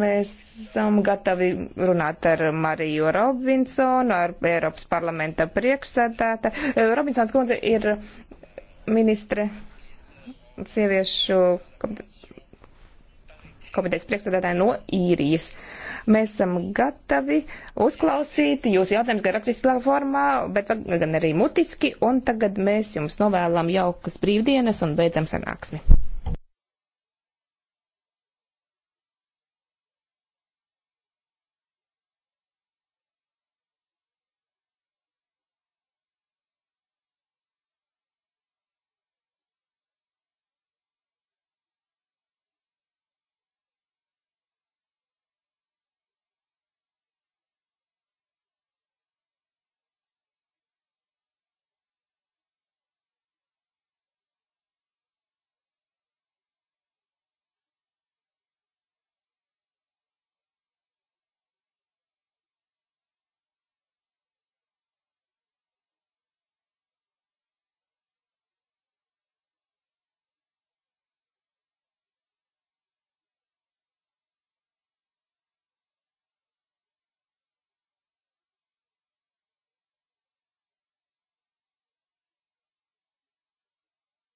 Mēs esam gatavi runāt ar Mariju Robinsonu, ar Eiropas parlamenta priekšsēdētāju. Robinsons kundze ir ministre, sieviešu komitejas priekšsēdētāja no īrijas. Mēs esam gatavi uzklausīt jūsu jautājumus gan rakstiskā formā, bet gan arī mutiski, un tagad mēs jums novēlam jaukas brīvdienas un beidzam sanāksmi.